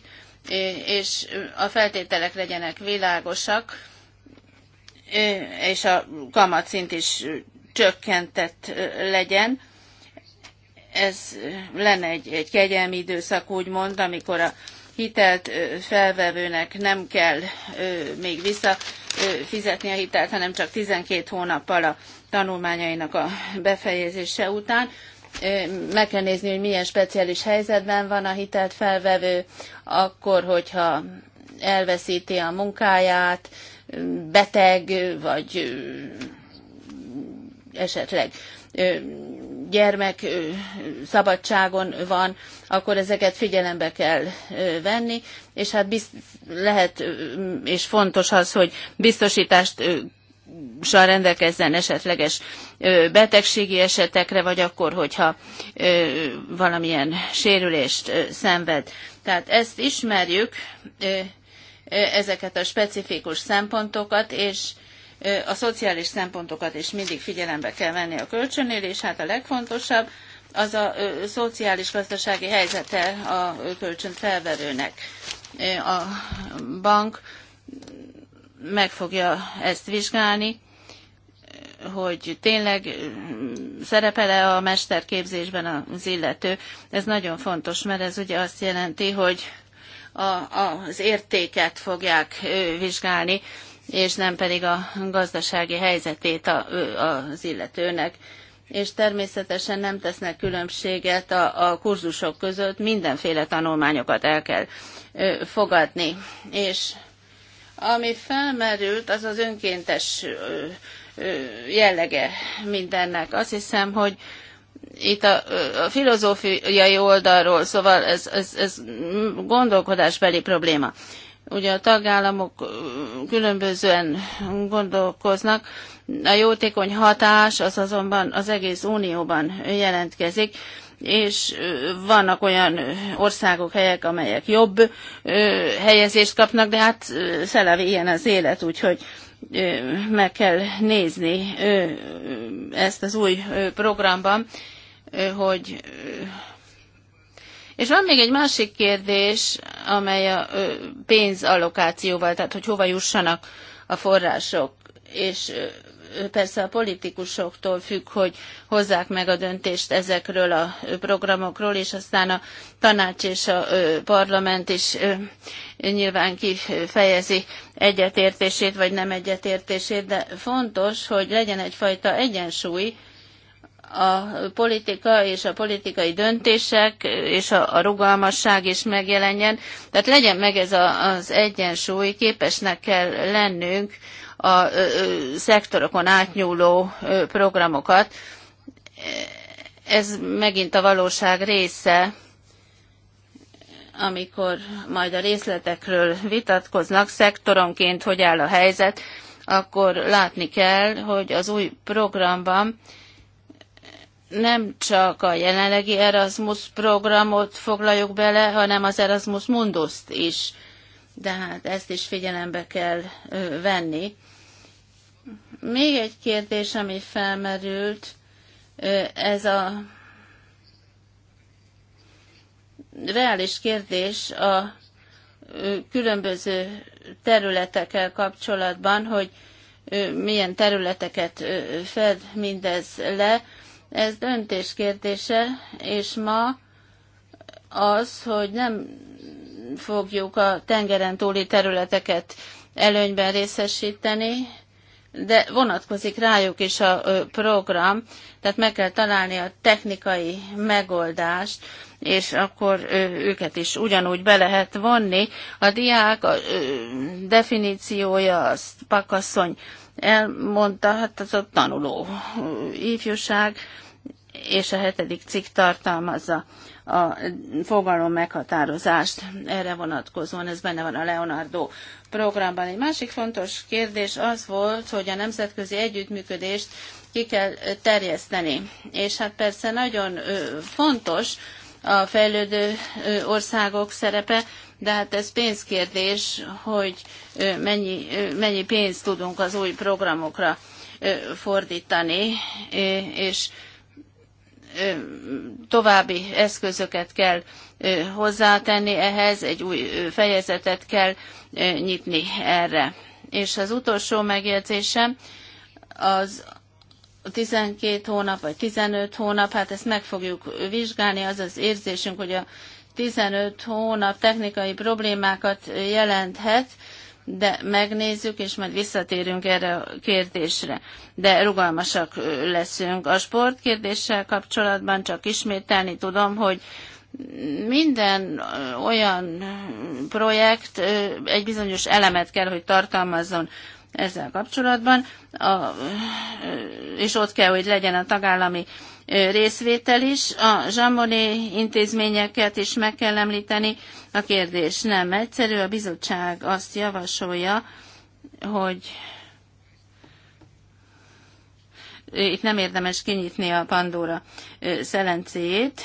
és a feltételek legyenek világosak, és a kamatszint is csökkentett legyen. Ez lenne egy, egy kegyelmi időszak, úgymond, amikor a hitelt felvevőnek nem kell még visszafizetni a hitelt, hanem csak 12 hónappal a tanulmányainak a befejezése után meg kell nézni, hogy milyen speciális helyzetben van a hitelt felvevő, akkor, hogyha elveszíti a munkáját, beteg, vagy esetleg gyermek szabadságon van, akkor ezeket figyelembe kell venni, és hát bizt, lehet, és fontos az, hogy biztosítást sal rendelkezzen esetleges betegségi esetekre, vagy akkor, hogyha valamilyen sérülést szenved. Tehát ezt ismerjük, ezeket a specifikus szempontokat, és a szociális szempontokat is mindig figyelembe kell venni a kölcsönél, és hát a legfontosabb az a szociális-gazdasági helyzete a kölcsön felverőnek. A bank meg fogja ezt vizsgálni, hogy tényleg szerepele a mesterképzésben az illető. Ez nagyon fontos, mert ez ugye azt jelenti, hogy a, az értéket fogják vizsgálni, és nem pedig a gazdasági helyzetét a, az illetőnek és természetesen nem tesznek különbséget a, a kurzusok között, mindenféle tanulmányokat el kell fogadni. És ami felmerült, az az önkéntes jellege mindennek. Azt hiszem, hogy itt a, a filozófiai oldalról, szóval ez, ez, ez gondolkodásbeli probléma. Ugye a tagállamok különbözően gondolkoznak, a jótékony hatás az azonban az egész unióban jelentkezik, és vannak olyan országok, helyek, amelyek jobb helyezést kapnak, de hát szelevi ilyen az élet, úgyhogy meg kell nézni ezt az új programban, hogy és van még egy másik kérdés, amely a pénzallokációval, tehát hogy hova jussanak a források. És persze a politikusoktól függ, hogy hozzák meg a döntést ezekről a programokról, és aztán a tanács és a parlament is nyilván kifejezi egyetértését vagy nem egyetértését, de fontos, hogy legyen egyfajta egyensúly, a politika és a politikai döntések és a, a rugalmasság is megjelenjen. Tehát legyen meg ez a, az egyensúly, képesnek kell lennünk a szektorokon átnyúló programokat. Ez megint a valóság része, amikor majd a részletekről vitatkoznak szektoronként, hogy áll a helyzet, akkor látni kell, hogy az új programban nem csak a jelenlegi Erasmus programot foglaljuk bele, hanem az Erasmus Mundust is. De hát ezt is figyelembe kell venni még egy kérdés, ami felmerült, ez a reális kérdés a különböző területekkel kapcsolatban, hogy milyen területeket fed mindez le. Ez döntés kérdése, és ma az, hogy nem fogjuk a tengeren túli területeket előnyben részesíteni, de vonatkozik rájuk is a program, tehát meg kell találni a technikai megoldást, és akkor őket is ugyanúgy be lehet vonni. A diák a definíciója, azt pakasszony elmondta, hát az a tanuló ifjúság, és a hetedik cikk tartalmazza a fogalom meghatározást erre vonatkozóan, ez benne van a Leonardo programban. Egy másik fontos kérdés az volt, hogy a nemzetközi együttműködést ki kell terjeszteni. És hát persze nagyon fontos a fejlődő országok szerepe, de hát ez pénzkérdés, hogy mennyi, mennyi pénzt tudunk az új programokra fordítani, és további eszközöket kell hozzátenni ehhez, egy új fejezetet kell nyitni erre. És az utolsó megjegyzésem az 12 hónap vagy 15 hónap, hát ezt meg fogjuk vizsgálni, az az érzésünk, hogy a 15 hónap technikai problémákat jelenthet, de megnézzük, és majd visszatérünk erre a kérdésre. De rugalmasak leszünk. A sport kérdéssel kapcsolatban csak ismételni tudom, hogy minden olyan projekt egy bizonyos elemet kell, hogy tartalmazzon ezzel kapcsolatban, a, és ott kell, hogy legyen a tagállami részvétel is. A zsamoni intézményeket is meg kell említeni. A kérdés nem egyszerű. A bizottság azt javasolja, hogy itt nem érdemes kinyitni a Pandora szelencéjét.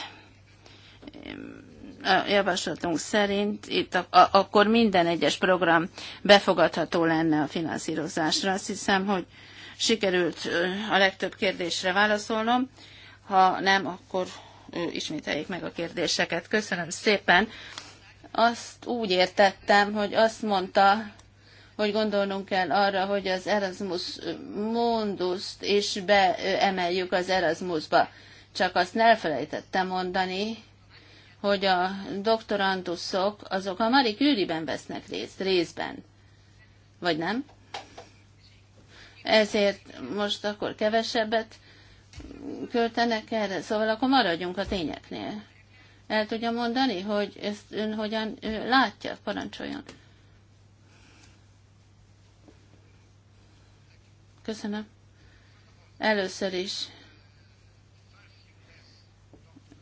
A javaslatunk szerint itt a, a, akkor minden egyes program befogadható lenne a finanszírozásra. Azt hiszem, hogy sikerült a legtöbb kérdésre válaszolnom. Ha nem, akkor ismételjék meg a kérdéseket. Köszönöm szépen. Azt úgy értettem, hogy azt mondta, hogy gondolnunk kell arra, hogy az Erasmus mondust is beemeljük az Erasmusba. Csak azt elfelejtettem mondani, hogy a doktoranduszok azok a Marie Curie-ben vesznek részt, részben. Vagy nem? Ezért most akkor kevesebbet költenek erre. Szóval akkor maradjunk a tényeknél. El tudja mondani, hogy ezt ön hogyan ő látja, parancsoljon. Köszönöm. Először is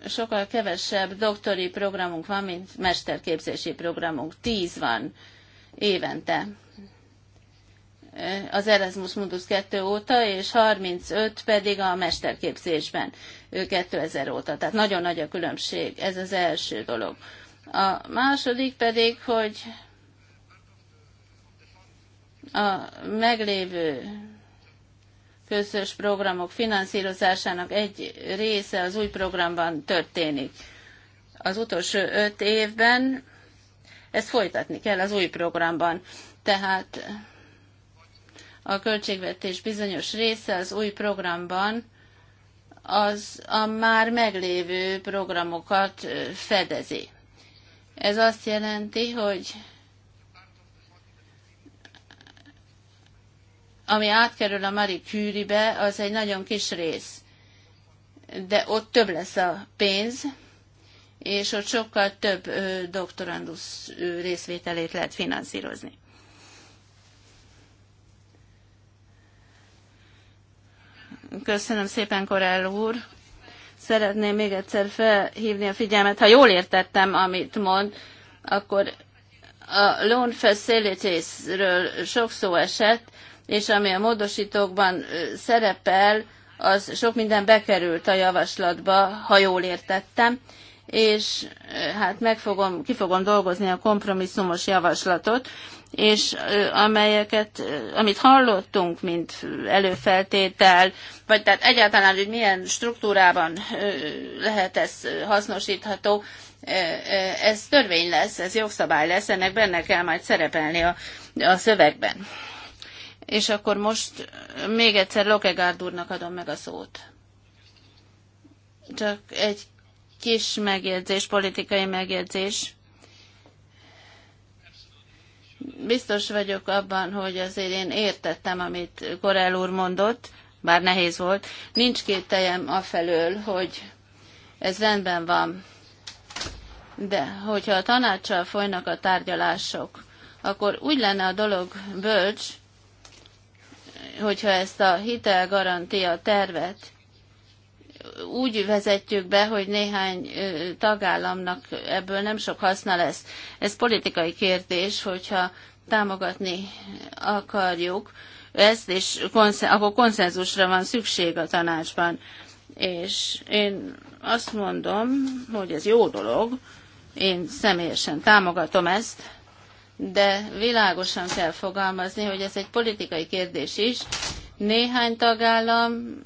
sokkal kevesebb doktori programunk van, mint mesterképzési programunk. Tíz van évente az Erasmus Mundus 2 óta, és 35 pedig a mesterképzésben 2000 óta. Tehát nagyon nagy a különbség, ez az első dolog. A második pedig, hogy a meglévő közös programok finanszírozásának egy része az új programban történik. Az utolsó öt évben ezt folytatni kell az új programban. Tehát a költségvetés bizonyos része az új programban az a már meglévő programokat fedezi. Ez azt jelenti, hogy ami átkerül a Mari Kűribe, az egy nagyon kis rész. De ott több lesz a pénz, és ott sokkal több doktorandusz részvételét lehet finanszírozni. Köszönöm szépen, Korell úr. Szeretném még egyszer felhívni a figyelmet, ha jól értettem, amit mond, akkor a loan facilities-ről sok szó esett, és ami a módosítókban szerepel, az sok minden bekerült a javaslatba, ha jól értettem, és hát meg fogom, ki fogom dolgozni a kompromisszumos javaslatot, és amelyeket, amit hallottunk, mint előfeltétel, vagy tehát egyáltalán, hogy milyen struktúrában lehet ez hasznosítható, ez törvény lesz, ez jogszabály lesz, ennek benne kell majd szerepelni a, a szövegben. És akkor most még egyszer Lokegárd úrnak adom meg a szót. Csak egy kis megjegyzés, politikai megjegyzés biztos vagyok abban, hogy azért én értettem, amit Korel úr mondott, bár nehéz volt. Nincs két tejem afelől, hogy ez rendben van. De hogyha a tanácssal folynak a tárgyalások, akkor úgy lenne a dolog bölcs, hogyha ezt a hitelgarantia tervet úgy vezetjük be, hogy néhány tagállamnak ebből nem sok haszna lesz. Ez politikai kérdés, hogyha támogatni akarjuk ezt, és konszen- akkor konszenzusra van szükség a tanácsban. És én azt mondom, hogy ez jó dolog, én személyesen támogatom ezt, de világosan kell fogalmazni, hogy ez egy politikai kérdés is. Néhány tagállam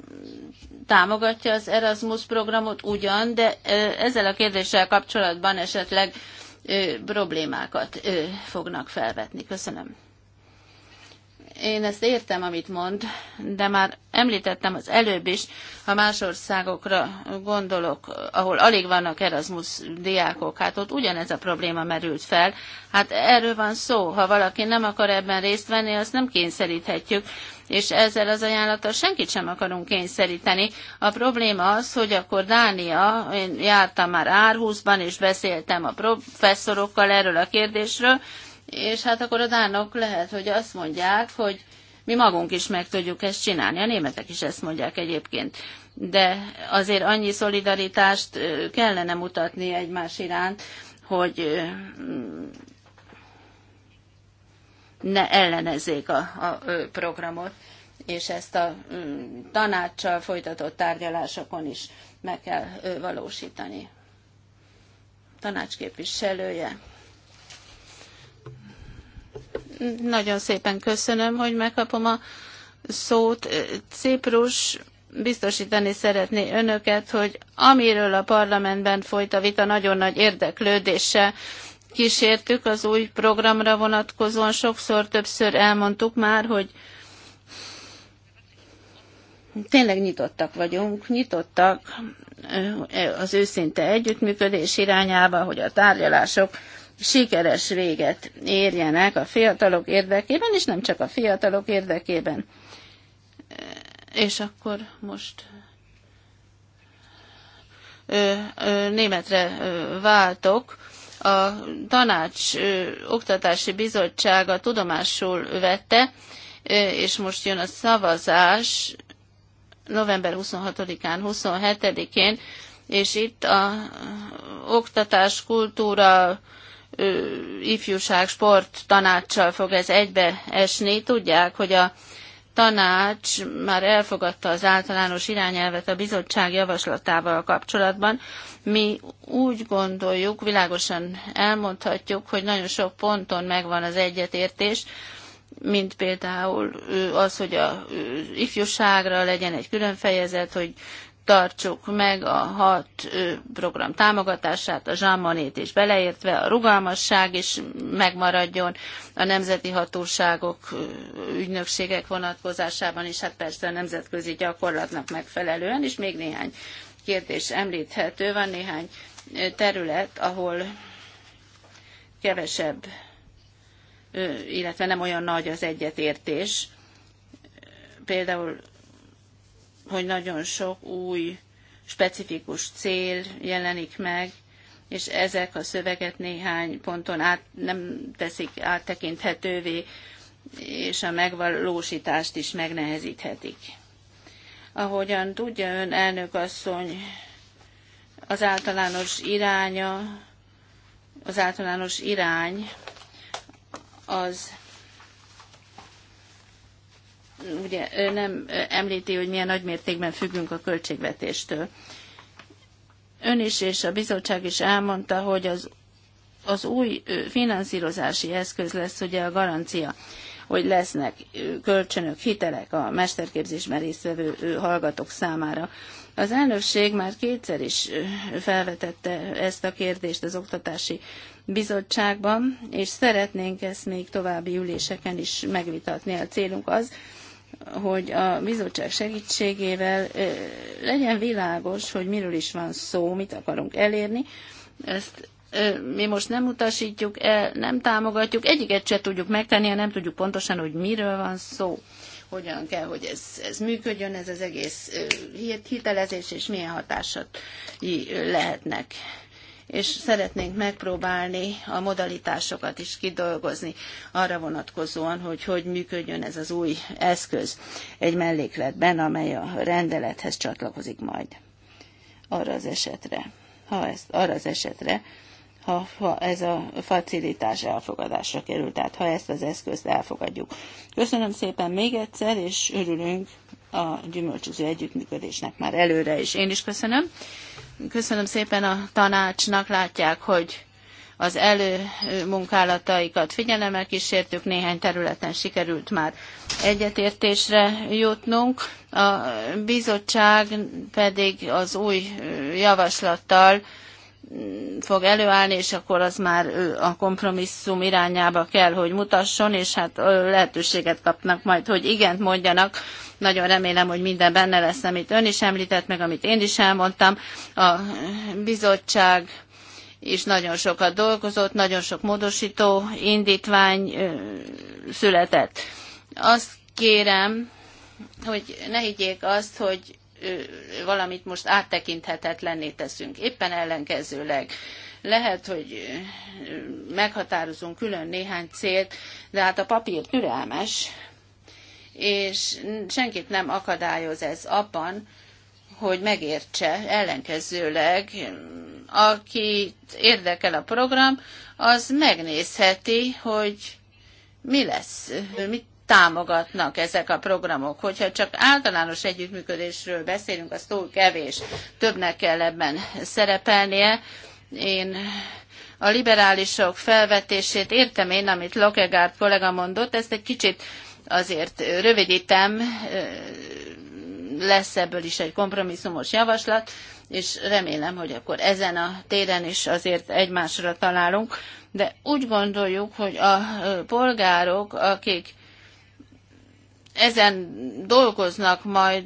támogatja az Erasmus programot ugyan, de ezzel a kérdéssel kapcsolatban esetleg problémákat fognak felvetni. Köszönöm. Én ezt értem, amit mond, de már említettem az előbb is, ha más országokra gondolok, ahol alig vannak Erasmus diákok, hát ott ugyanez a probléma merült fel. Hát erről van szó, ha valaki nem akar ebben részt venni, azt nem kényszeríthetjük és ezzel az ajánlattal senkit sem akarunk kényszeríteni. A probléma az, hogy akkor Dánia, én jártam már Árhúzban, és beszéltem a professzorokkal erről a kérdésről, és hát akkor a dánok lehet, hogy azt mondják, hogy mi magunk is meg tudjuk ezt csinálni. A németek is ezt mondják egyébként. De azért annyi szolidaritást kellene mutatni egymás iránt, hogy ne ellenezzék a, a programot, és ezt a tanácssal folytatott tárgyalásokon is meg kell valósítani. Tanácsképviselője. Nagyon szépen köszönöm, hogy megkapom a szót. Ciprus biztosítani szeretné önöket, hogy amiről a parlamentben folyt a vita nagyon nagy érdeklődéssel kísértük az új programra vonatkozóan. Sokszor, többször elmondtuk már, hogy tényleg nyitottak vagyunk, nyitottak eh, az őszinte együttműködés irányába, hogy a tárgyalások sikeres véget érjenek a fiatalok érdekében, és nem csak a fiatalok érdekében. Eh, és akkor most eh, németre váltok a tanács oktatási bizottsága tudomásul vette, és most jön a szavazás november 26-án, 27-én, és itt a oktatás, kultúra, ifjúság, sport tanácssal fog ez egybe esni. Tudják, hogy a tanács már elfogadta az általános irányelvet a bizottság javaslatával kapcsolatban. Mi úgy gondoljuk, világosan elmondhatjuk, hogy nagyon sok ponton megvan az egyetértés, mint például az, hogy a ifjúságra legyen egy külön fejezet, hogy tartsuk meg a hat program támogatását, a zsámanét is beleértve, a rugalmasság is megmaradjon, a nemzeti hatóságok, ügynökségek vonatkozásában is, hát persze a nemzetközi gyakorlatnak megfelelően, és még néhány kérdés említhető, van néhány terület, ahol kevesebb, illetve nem olyan nagy az egyetértés, például hogy nagyon sok új, specifikus cél jelenik meg, és ezek a szöveget néhány ponton át, nem teszik áttekinthetővé, és a megvalósítást is megnehezíthetik. Ahogyan tudja ön, elnök asszony, az általános iránya, az általános irány az ugye nem említi, hogy milyen nagymértékben függünk a költségvetéstől. Ön is és a bizottság is elmondta, hogy az, az új finanszírozási eszköz lesz ugye a garancia, hogy lesznek kölcsönök, hitelek a mesterképzésben résztvevő hallgatók számára. Az elnökség már kétszer is felvetette ezt a kérdést az oktatási bizottságban, és szeretnénk ezt még további üléseken is megvitatni. A célunk az, hogy a bizottság segítségével legyen világos, hogy miről is van szó, mit akarunk elérni. Ezt mi most nem utasítjuk el, nem támogatjuk, egyiket se tudjuk megtenni, ha nem tudjuk pontosan, hogy miről van szó, hogyan kell, hogy ez, ez működjön, ez az egész hitelezés, és milyen hatásai lehetnek és szeretnénk megpróbálni a modalitásokat is kidolgozni arra vonatkozóan, hogy hogy működjön ez az új eszköz egy mellékletben, amely a rendelethez csatlakozik majd arra az esetre, ha ezt, arra az esetre, ha, ha ez a facilitás elfogadásra kerül, tehát ha ezt az eszközt elfogadjuk. Köszönöm szépen még egyszer, és örülünk a gyümölcsöző együttműködésnek már előre, is, én is köszönöm. Köszönöm szépen a tanácsnak, látják, hogy az előmunkálataikat figyelemmel kísértük, néhány területen sikerült már egyetértésre jutnunk. A bizottság pedig az új javaslattal fog előállni, és akkor az már a kompromisszum irányába kell, hogy mutasson, és hát lehetőséget kapnak majd, hogy igent mondjanak. Nagyon remélem, hogy minden benne lesz, amit ön is említett, meg amit én is elmondtam. A bizottság és nagyon sokat dolgozott, nagyon sok módosító indítvány született. Azt kérem, hogy ne higgyék azt, hogy valamit most áttekinthetetlenné teszünk. Éppen ellenkezőleg lehet, hogy meghatározunk külön néhány célt, de hát a papír türelmes, és senkit nem akadályoz ez abban, hogy megértse ellenkezőleg, akit érdekel a program, az megnézheti, hogy mi lesz, mit támogatnak ezek a programok. Hogyha csak általános együttműködésről beszélünk, az túl kevés. Többnek kell ebben szerepelnie. Én a liberálisok felvetését értem én, amit Lokegárd kollega mondott, ezt egy kicsit azért rövidítem, lesz ebből is egy kompromisszumos javaslat, és remélem, hogy akkor ezen a téren is azért egymásra találunk, de úgy gondoljuk, hogy a polgárok, akik ezen dolgoznak majd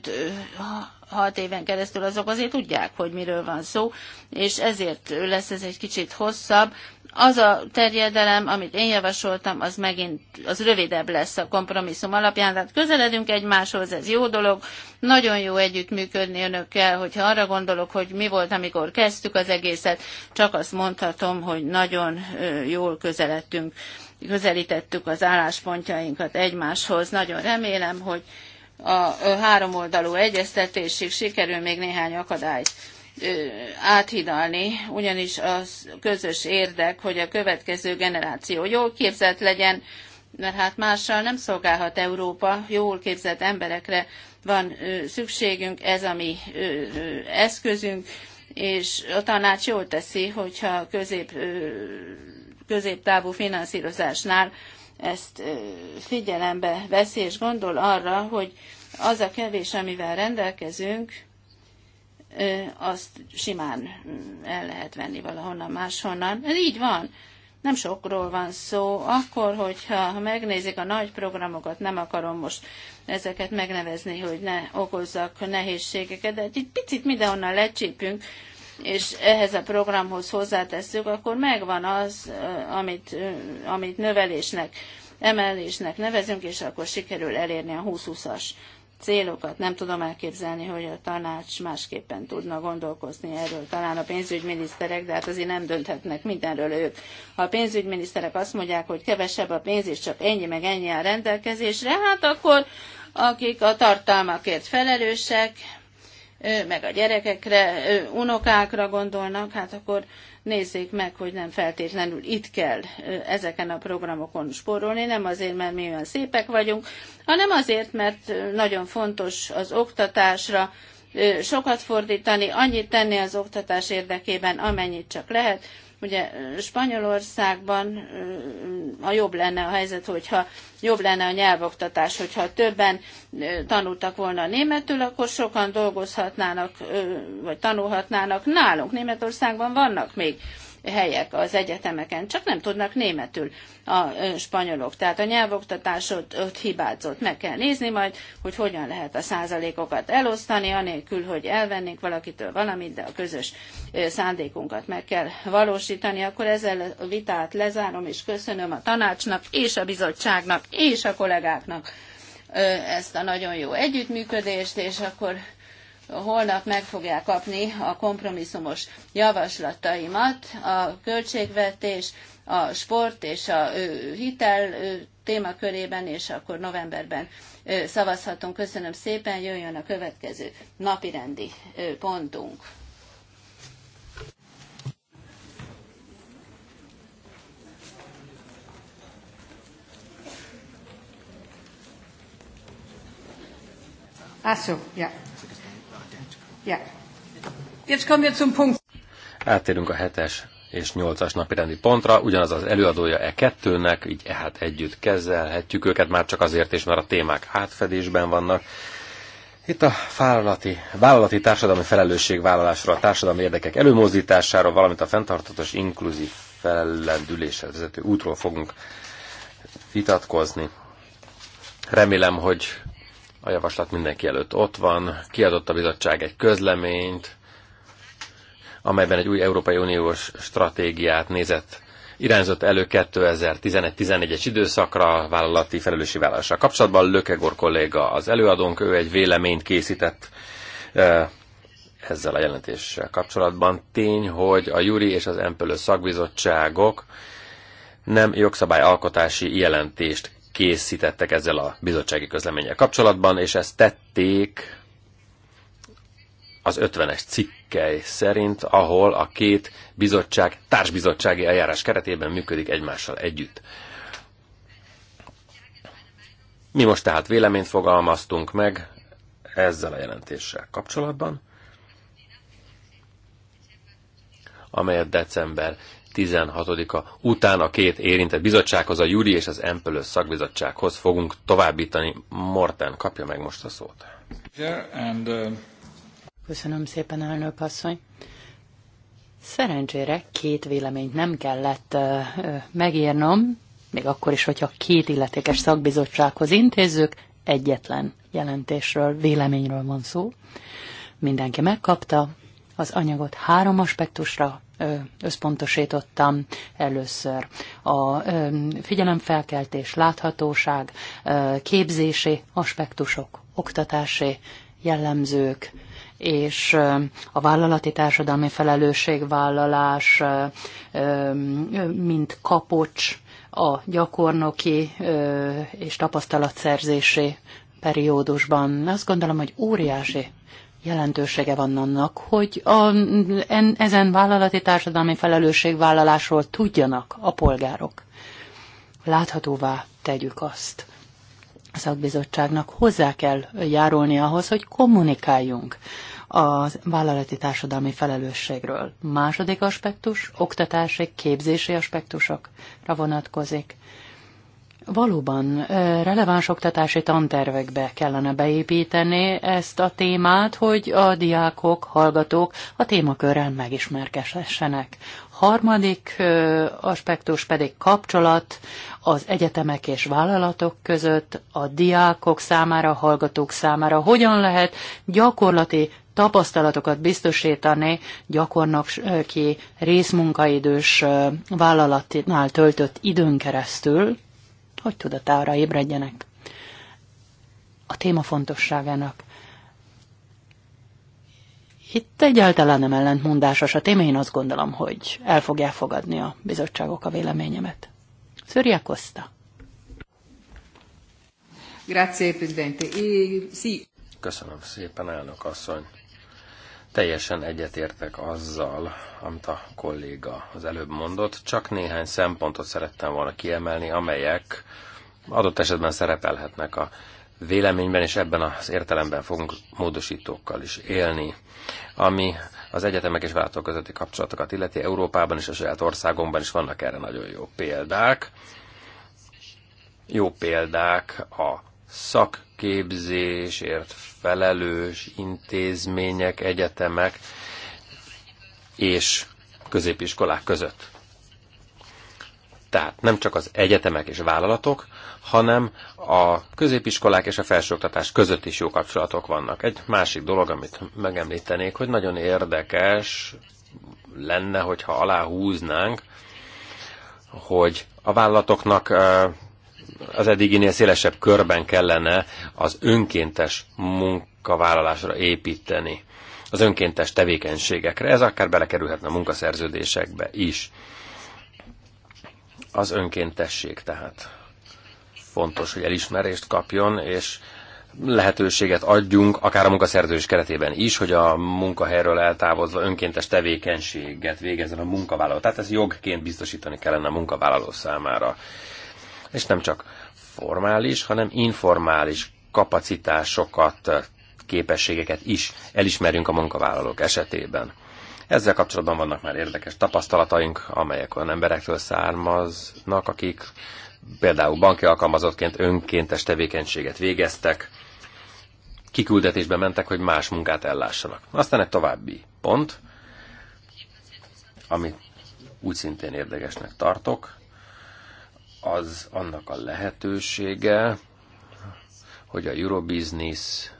hat éven keresztül, azok azért tudják, hogy miről van szó, és ezért lesz ez egy kicsit hosszabb. Az a terjedelem, amit én javasoltam, az megint az rövidebb lesz a kompromisszum alapján, tehát közeledünk egymáshoz, ez jó dolog, nagyon jó együttműködni önökkel, hogyha arra gondolok, hogy mi volt, amikor kezdtük az egészet, csak azt mondhatom, hogy nagyon jól közeledtünk közelítettük az álláspontjainkat egymáshoz. Nagyon remélem, hogy a háromoldalú egyeztetésig sikerül még néhány akadályt áthidalni, ugyanis az közös érdek, hogy a következő generáció jól képzett legyen, mert hát mással nem szolgálhat Európa, jól képzett emberekre van szükségünk, ez a mi eszközünk, és a tanács jól teszi, hogyha közép középtávú finanszírozásnál ezt figyelembe veszi, és gondol arra, hogy az a kevés, amivel rendelkezünk, azt simán el lehet venni valahonnan máshonnan. Ez így van. Nem sokról van szó. Akkor, hogyha megnézik a nagy programokat, nem akarom most ezeket megnevezni, hogy ne okozzak nehézségeket, de egy picit mindenhonnan lecsípünk, és ehhez a programhoz hozzátesszük, akkor megvan az, eh, amit, eh, amit növelésnek, emelésnek nevezünk, és akkor sikerül elérni a 20-20-as célokat. Nem tudom elképzelni, hogy a tanács másképpen tudna gondolkozni erről. Talán a pénzügyminiszterek, de hát azért nem dönthetnek mindenről ők. Ha a pénzügyminiszterek azt mondják, hogy kevesebb a pénz, és csak ennyi meg ennyi a rendelkezésre, hát akkor akik a tartalmakért felelősek, meg a gyerekekre, unokákra gondolnak, hát akkor nézzék meg, hogy nem feltétlenül itt kell ezeken a programokon spórolni, nem azért, mert mi olyan szépek vagyunk, hanem azért, mert nagyon fontos az oktatásra sokat fordítani, annyit tenni az oktatás érdekében, amennyit csak lehet, Ugye Spanyolországban a jobb lenne a helyzet, hogyha jobb lenne a nyelvoktatás, hogyha többen tanultak volna németül, akkor sokan dolgozhatnának, vagy tanulhatnának nálunk. Németországban vannak még helyek az egyetemeken, csak nem tudnak németül a spanyolok. Tehát a nyelvoktatás ott, ott hibázott. Meg kell nézni majd, hogy hogyan lehet a százalékokat elosztani, anélkül, hogy elvennénk valakitől valamit, de a közös szándékunkat meg kell valósítani. Akkor ezzel a vitát lezárom, és köszönöm a tanácsnak, és a bizottságnak, és a kollégáknak ezt a nagyon jó együttműködést, és akkor holnap meg fogják kapni a kompromisszumos javaslataimat. A költségvetés, a sport és a hitel témakörében, és akkor novemberben szavazhatunk. Köszönöm szépen, jöjjön a következő napirendi pontunk. Ah, so, yeah. Ja. Jetzt kommen wir zum Punkt. Átérünk a hetes és nyolcas napi rendi pontra, ugyanaz az előadója e kettőnek, így e hát együtt kezelhetjük őket, már csak azért is, mert a témák átfedésben vannak. Itt a vállalati, vállalati társadalmi vállalásra a társadalmi érdekek előmozdításáról, valamint a fenntartatos inkluzív fellendüléshez vezető útról fogunk vitatkozni. Remélem, hogy a javaslat mindenki előtt ott van, kiadott a bizottság egy közleményt, amelyben egy új Európai Uniós stratégiát nézett irányzott elő 2011-14-es időszakra vállalati felelősi vállalással kapcsolatban. Lökegor kolléga az előadónk, ő egy véleményt készített eh, ezzel a jelentéssel kapcsolatban. Tény, hogy a Juri és az Empölő szakbizottságok nem jogszabályalkotási jelentést készítettek ezzel a bizottsági közleménnyel kapcsolatban, és ezt tették az 50-es cikkely szerint, ahol a két bizottság társbizottsági eljárás keretében működik egymással együtt. Mi most tehát véleményt fogalmaztunk meg ezzel a jelentéssel kapcsolatban, amelyet december 16-a után a két érintett bizottsághoz, a Júri és az Empölő szakbizottsághoz fogunk továbbítani. Morten, kapja meg most a szót. Uh, Köszönöm szépen, elnök asszony. Szerencsére két véleményt nem kellett uh, uh, megírnom, még akkor is, hogyha két illetékes szakbizottsághoz intézzük, egyetlen jelentésről, véleményről van szó. Mindenki megkapta, az anyagot három aspektusra összpontosítottam először. A figyelemfelkeltés, láthatóság, képzési aspektusok, oktatási jellemzők, és a vállalati társadalmi felelősségvállalás, mint kapocs a gyakornoki és tapasztalatszerzési periódusban. Azt gondolom, hogy óriási jelentősége van annak, hogy a, en, ezen vállalati társadalmi felelősségvállalásról tudjanak a polgárok. Láthatóvá tegyük azt. A szakbizottságnak hozzá kell járulni ahhoz, hogy kommunikáljunk a vállalati társadalmi felelősségről. Második aspektus, oktatási, képzési aspektusokra vonatkozik. Valóban releváns oktatási tantervekbe kellene beépíteni ezt a témát, hogy a diákok, hallgatók a témakörrel megismerkedhessenek. Harmadik aspektus pedig kapcsolat az egyetemek és vállalatok között, a diákok számára, a hallgatók számára. Hogyan lehet gyakorlati tapasztalatokat biztosítani gyakornoki részmunkaidős vállalatnál töltött időn keresztül, hogy tudatára ébredjenek a téma fontosságának. Itt egyáltalán nem ellentmondásos a téma, én azt gondolom, hogy el fogják fogadni a bizottságok a véleményemet. Szörje Costa. Grazie, Presidente. E, sì. Köszönöm szépen, elnök asszony. Teljesen egyetértek azzal, amit a kolléga az előbb mondott, csak néhány szempontot szerettem volna kiemelni, amelyek adott esetben szerepelhetnek a véleményben, és ebben az értelemben fogunk módosítókkal is élni. Ami az egyetemek és vállalatok közötti kapcsolatokat illeti, Európában és a saját országomban is vannak erre nagyon jó példák. Jó példák a szakképzésért felelős intézmények, egyetemek és középiskolák között. Tehát nem csak az egyetemek és vállalatok, hanem a középiskolák és a felsőoktatás között is jó kapcsolatok vannak. Egy másik dolog, amit megemlítenék, hogy nagyon érdekes lenne, hogyha aláhúznánk, hogy a vállalatoknak eh, az eddiginél szélesebb körben kellene az önkéntes munkavállalásra építeni, az önkéntes tevékenységekre. Ez akár belekerülhetne a munkaszerződésekbe is. Az önkéntesség tehát fontos, hogy elismerést kapjon, és lehetőséget adjunk, akár a munkaszerződés keretében is, hogy a munkahelyről eltávozva önkéntes tevékenységet végezzen a munkavállaló. Tehát ez jogként biztosítani kellene a munkavállaló számára és nem csak formális, hanem informális kapacitásokat, képességeket is elismerünk a munkavállalók esetében. Ezzel kapcsolatban vannak már érdekes tapasztalataink, amelyek olyan emberektől származnak, akik például banki alkalmazottként önkéntes tevékenységet végeztek, kiküldetésbe mentek, hogy más munkát ellássanak. Aztán egy további pont, amit úgy szintén érdekesnek tartok, az annak a lehetősége, hogy a Eurobusiness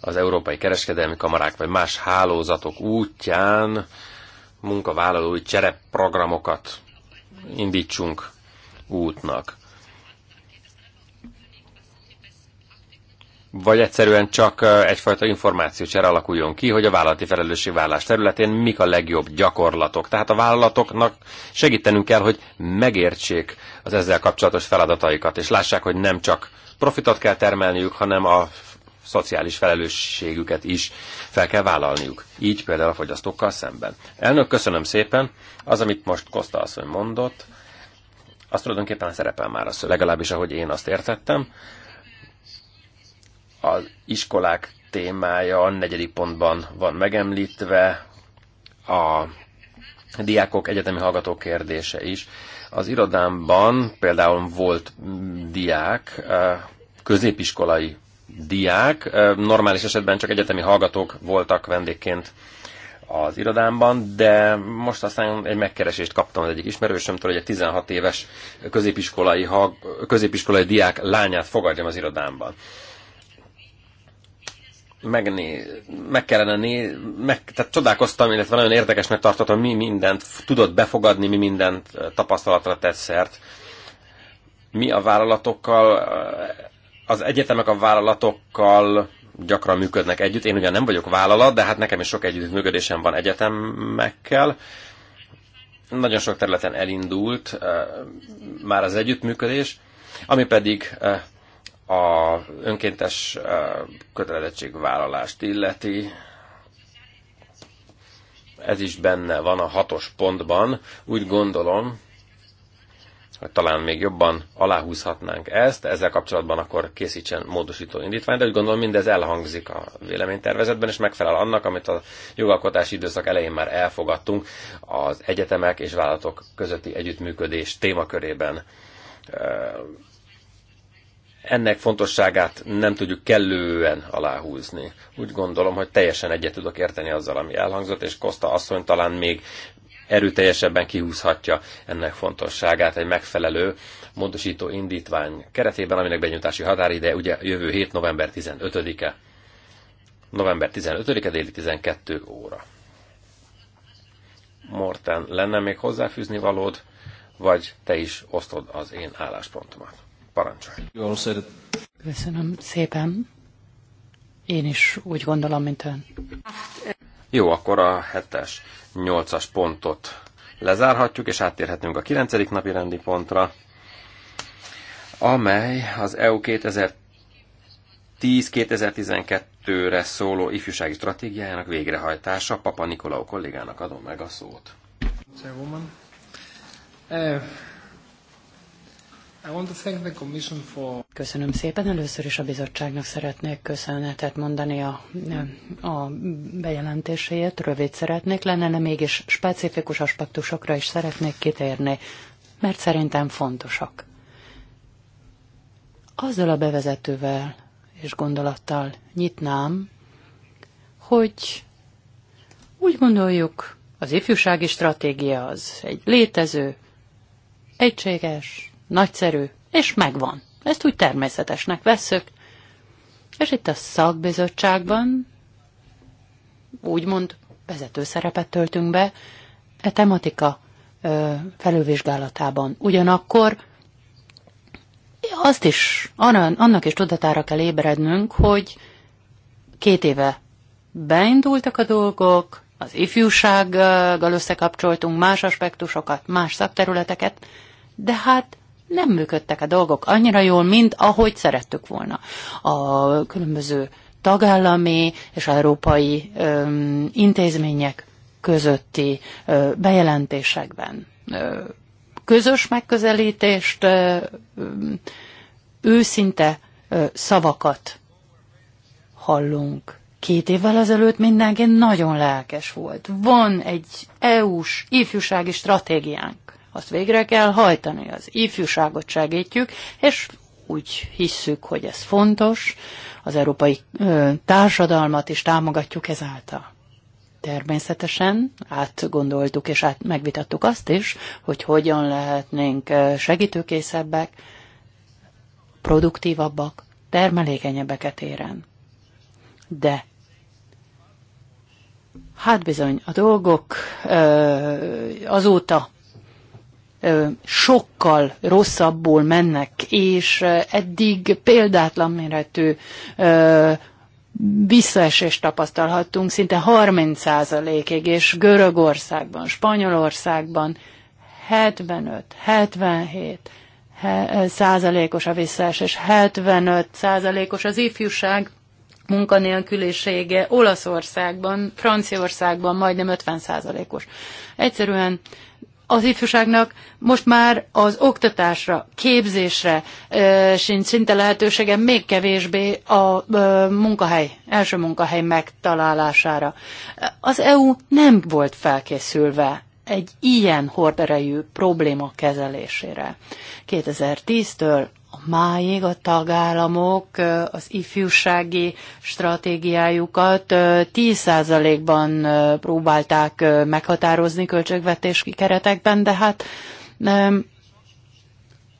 az Európai Kereskedelmi Kamarák vagy más hálózatok útján munkavállalói csereprogramokat indítsunk útnak. vagy egyszerűen csak egyfajta információcsere alakuljon ki, hogy a vállalati felelősségvállás területén mik a legjobb gyakorlatok. Tehát a vállalatoknak segítenünk kell, hogy megértsék az ezzel kapcsolatos feladataikat, és lássák, hogy nem csak profitot kell termelniük, hanem a szociális felelősségüket is fel kell vállalniuk. Így például a fogyasztókkal szemben. Elnök, köszönöm szépen. Az, amit most Kosta asszony mondott, az tulajdonképpen szerepel már a szöveg, legalábbis ahogy én azt értettem az iskolák témája a negyedik pontban van megemlítve, a diákok, egyetemi hallgatók kérdése is. Az irodámban például volt diák, középiskolai diák, normális esetben csak egyetemi hallgatók voltak vendégként az irodámban, de most aztán egy megkeresést kaptam az egyik ismerősömtől, hogy egy 16 éves középiskolai, középiskolai diák lányát fogadjam az irodámban megné, meg kellene né, meg, tehát csodálkoztam, illetve nagyon érdekesnek tartottam, mi mindent tudott befogadni, mi mindent tapasztalatra tett szert. Mi a vállalatokkal, az egyetemek a vállalatokkal gyakran működnek együtt. Én ugyan nem vagyok vállalat, de hát nekem is sok együttműködésem van egyetemekkel. Nagyon sok területen elindult már az együttműködés, ami pedig a önkéntes kötelezettségvállalást illeti, ez is benne van a hatos pontban. Úgy gondolom, hogy talán még jobban aláhúzhatnánk ezt, ezzel kapcsolatban akkor készítsen módosító indítványt, de úgy gondolom mindez elhangzik a véleménytervezetben, és megfelel annak, amit a jogalkotási időszak elején már elfogadtunk az egyetemek és vállalatok közötti együttműködés témakörében ennek fontosságát nem tudjuk kellően aláhúzni. Úgy gondolom, hogy teljesen egyet tudok érteni azzal, ami elhangzott, és Kosta asszony talán még erőteljesebben kihúzhatja ennek fontosságát egy megfelelő módosító indítvány keretében, aminek benyújtási határideje ugye jövő hét november 15-e. November 15-e déli 12 óra. Morten, lenne még hozzáfűzni valód, vagy te is osztod az én álláspontomat? Parancsolj! Köszönöm szépen. Én is úgy gondolom, mint ön. Jó, akkor a 7-es, 8-as pontot lezárhatjuk, és áttérhetünk a 9. napi rendi pontra, amely az EU 2010-2012-re szóló ifjúsági stratégiájának végrehajtása. Papa Nikolau kollégának adom meg a szót. Uh, Köszönöm szépen. Először is a bizottságnak szeretnék köszönetet mondani a, a bejelentéséért. Rövid szeretnék lenne, de mégis specifikus aspektusokra is szeretnék kitérni, mert szerintem fontosak. Azzal a bevezetővel és gondolattal nyitnám, hogy úgy gondoljuk, az ifjúsági stratégia az egy létező, egységes, nagyszerű, és megvan. Ezt úgy természetesnek vesszük. És itt a szakbizottságban úgymond vezető szerepet töltünk be e tematika ö, felülvizsgálatában. Ugyanakkor azt is, annak is tudatára kell ébrednünk, hogy két éve beindultak a dolgok, az ifjúsággal összekapcsoltunk más aspektusokat, más szakterületeket, de hát nem működtek a dolgok annyira jól, mint ahogy szerettük volna. A különböző tagállami és európai öm, intézmények közötti ö, bejelentésekben ö, közös megközelítést, ö, őszinte ö, szavakat hallunk. Két évvel ezelőtt mindenki nagyon lelkes volt. Van egy EU-s ifjúsági stratégiánk azt végre kell hajtani. Az ifjúságot segítjük, és úgy hisszük, hogy ez fontos, az európai ö, társadalmat is támogatjuk ezáltal. Természetesen átgondoltuk és át megvitattuk azt is, hogy hogyan lehetnénk segítőkészebbek, produktívabbak, termelékenyebbeket éren. De hát bizony, a dolgok ö, azóta sokkal rosszabbul mennek, és eddig példátlan méretű visszaesést tapasztalhattunk, szinte 30%-ig, és Görögországban, Spanyolországban 75, 77 százalékos a visszaesés, 75 százalékos az ifjúság munkanélkülisége Olaszországban, Franciaországban majdnem 50 százalékos. Egyszerűen az ifjúságnak most már az oktatásra, képzésre e, sincs szinte lehetősége, még kevésbé a munkahely, első munkahely megtalálására. Az EU nem volt felkészülve egy ilyen horderejű probléma kezelésére. 2010-től a máig a tagállamok az ifjúsági stratégiájukat 10%-ban próbálták meghatározni költségvetési keretekben, de hát nem,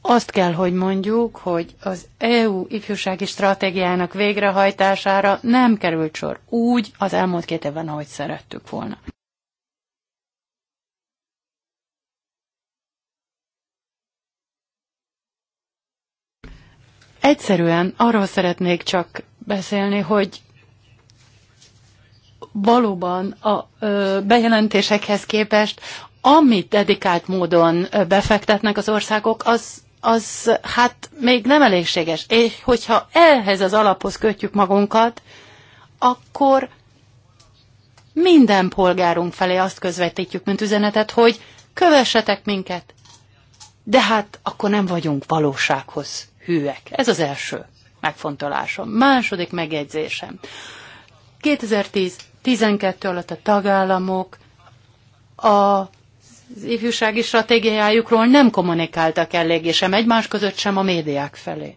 azt kell, hogy mondjuk, hogy az EU ifjúsági stratégiának végrehajtására nem került sor úgy az elmúlt két évben, ahogy szerettük volna. Egyszerűen arról szeretnék csak beszélni, hogy valóban a bejelentésekhez képest, amit dedikált módon befektetnek az országok, az az hát még nem elégséges. És hogyha ehhez az alaphoz kötjük magunkat, akkor minden polgárunk felé azt közvetítjük, mint üzenetet, hogy kövessetek minket. De hát akkor nem vagyunk valósághoz hűek. Ez az első megfontolásom. Második megjegyzésem. 2010-12 alatt a tagállamok a az ifjúsági stratégiájukról nem kommunikáltak eléggé sem egymás között, sem a médiák felé.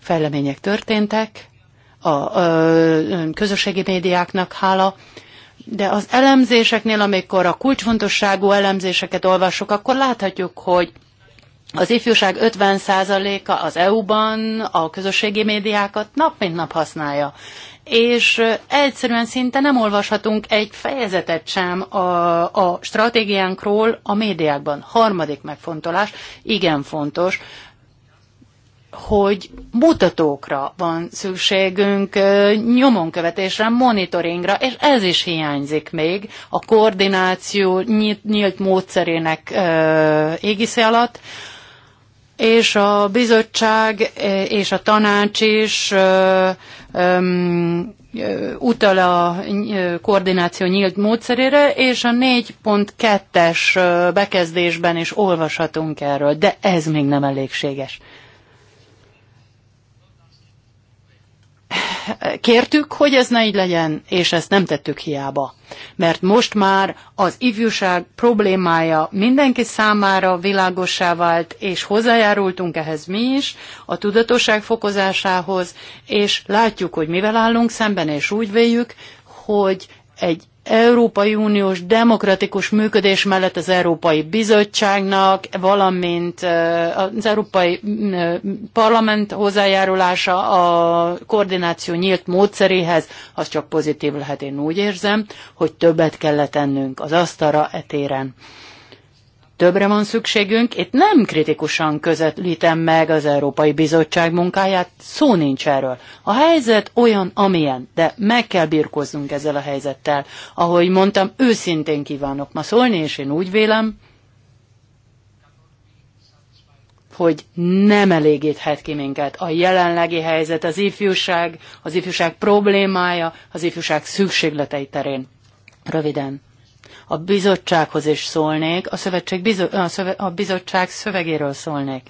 Fejlemények történtek, a, a közösségi médiáknak hála, de az elemzéseknél, amikor a kulcsfontosságú elemzéseket olvasok, akkor láthatjuk, hogy az ifjúság 50%-a az EU-ban a közösségi médiákat nap mint nap használja és egyszerűen szinte nem olvashatunk egy fejezetet sem a, a stratégiánkról a médiákban. Harmadik megfontolás, igen fontos, hogy mutatókra van szükségünk, nyomonkövetésre, monitoringra, és ez is hiányzik még a koordináció nyílt, módszerének égisze alatt és a bizottság e, és a tanács is utal a koordináció nyílt módszerére, és a 4.2-es bekezdésben is olvashatunk erről, de ez még nem elégséges. kértük, hogy ez ne így legyen, és ezt nem tettük hiába. Mert most már az ifjúság problémája mindenki számára világossá vált, és hozzájárultunk ehhez mi is, a tudatosság fokozásához, és látjuk, hogy mivel állunk szemben, és úgy véljük, hogy egy Európai Uniós demokratikus működés mellett az Európai Bizottságnak, valamint az Európai Parlament hozzájárulása a koordináció nyílt módszeréhez, az csak pozitív lehet, én úgy érzem, hogy többet kell tennünk az asztalra etéren többre van szükségünk. Itt nem kritikusan közelítem meg az Európai Bizottság munkáját, szó nincs erről. A helyzet olyan, amilyen, de meg kell birkoznunk ezzel a helyzettel. Ahogy mondtam, őszintén kívánok ma szólni, és én úgy vélem, hogy nem elégíthet ki minket. A jelenlegi helyzet, az ifjúság, az ifjúság problémája, az ifjúság szükségletei terén. Röviden a bizottsághoz is szólnék, a, szövetség bizo- a, szöve- a bizottság szövegéről szólnék.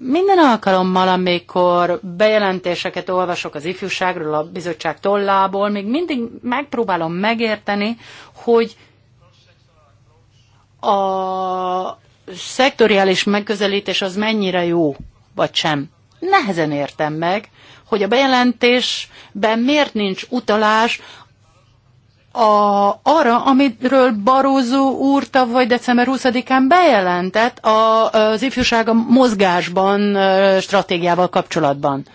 Minden alkalommal, amikor bejelentéseket olvasok az ifjúságról, a bizottság tollából, még mindig megpróbálom megérteni, hogy a szektoriális megközelítés az mennyire jó, vagy sem. Nehezen értem meg, hogy a bejelentésben miért nincs utalás a, arra, amiről Barózó úr tavaly december 20-án bejelentett a, az ifjúság a mozgásban stratégiával kapcsolatban.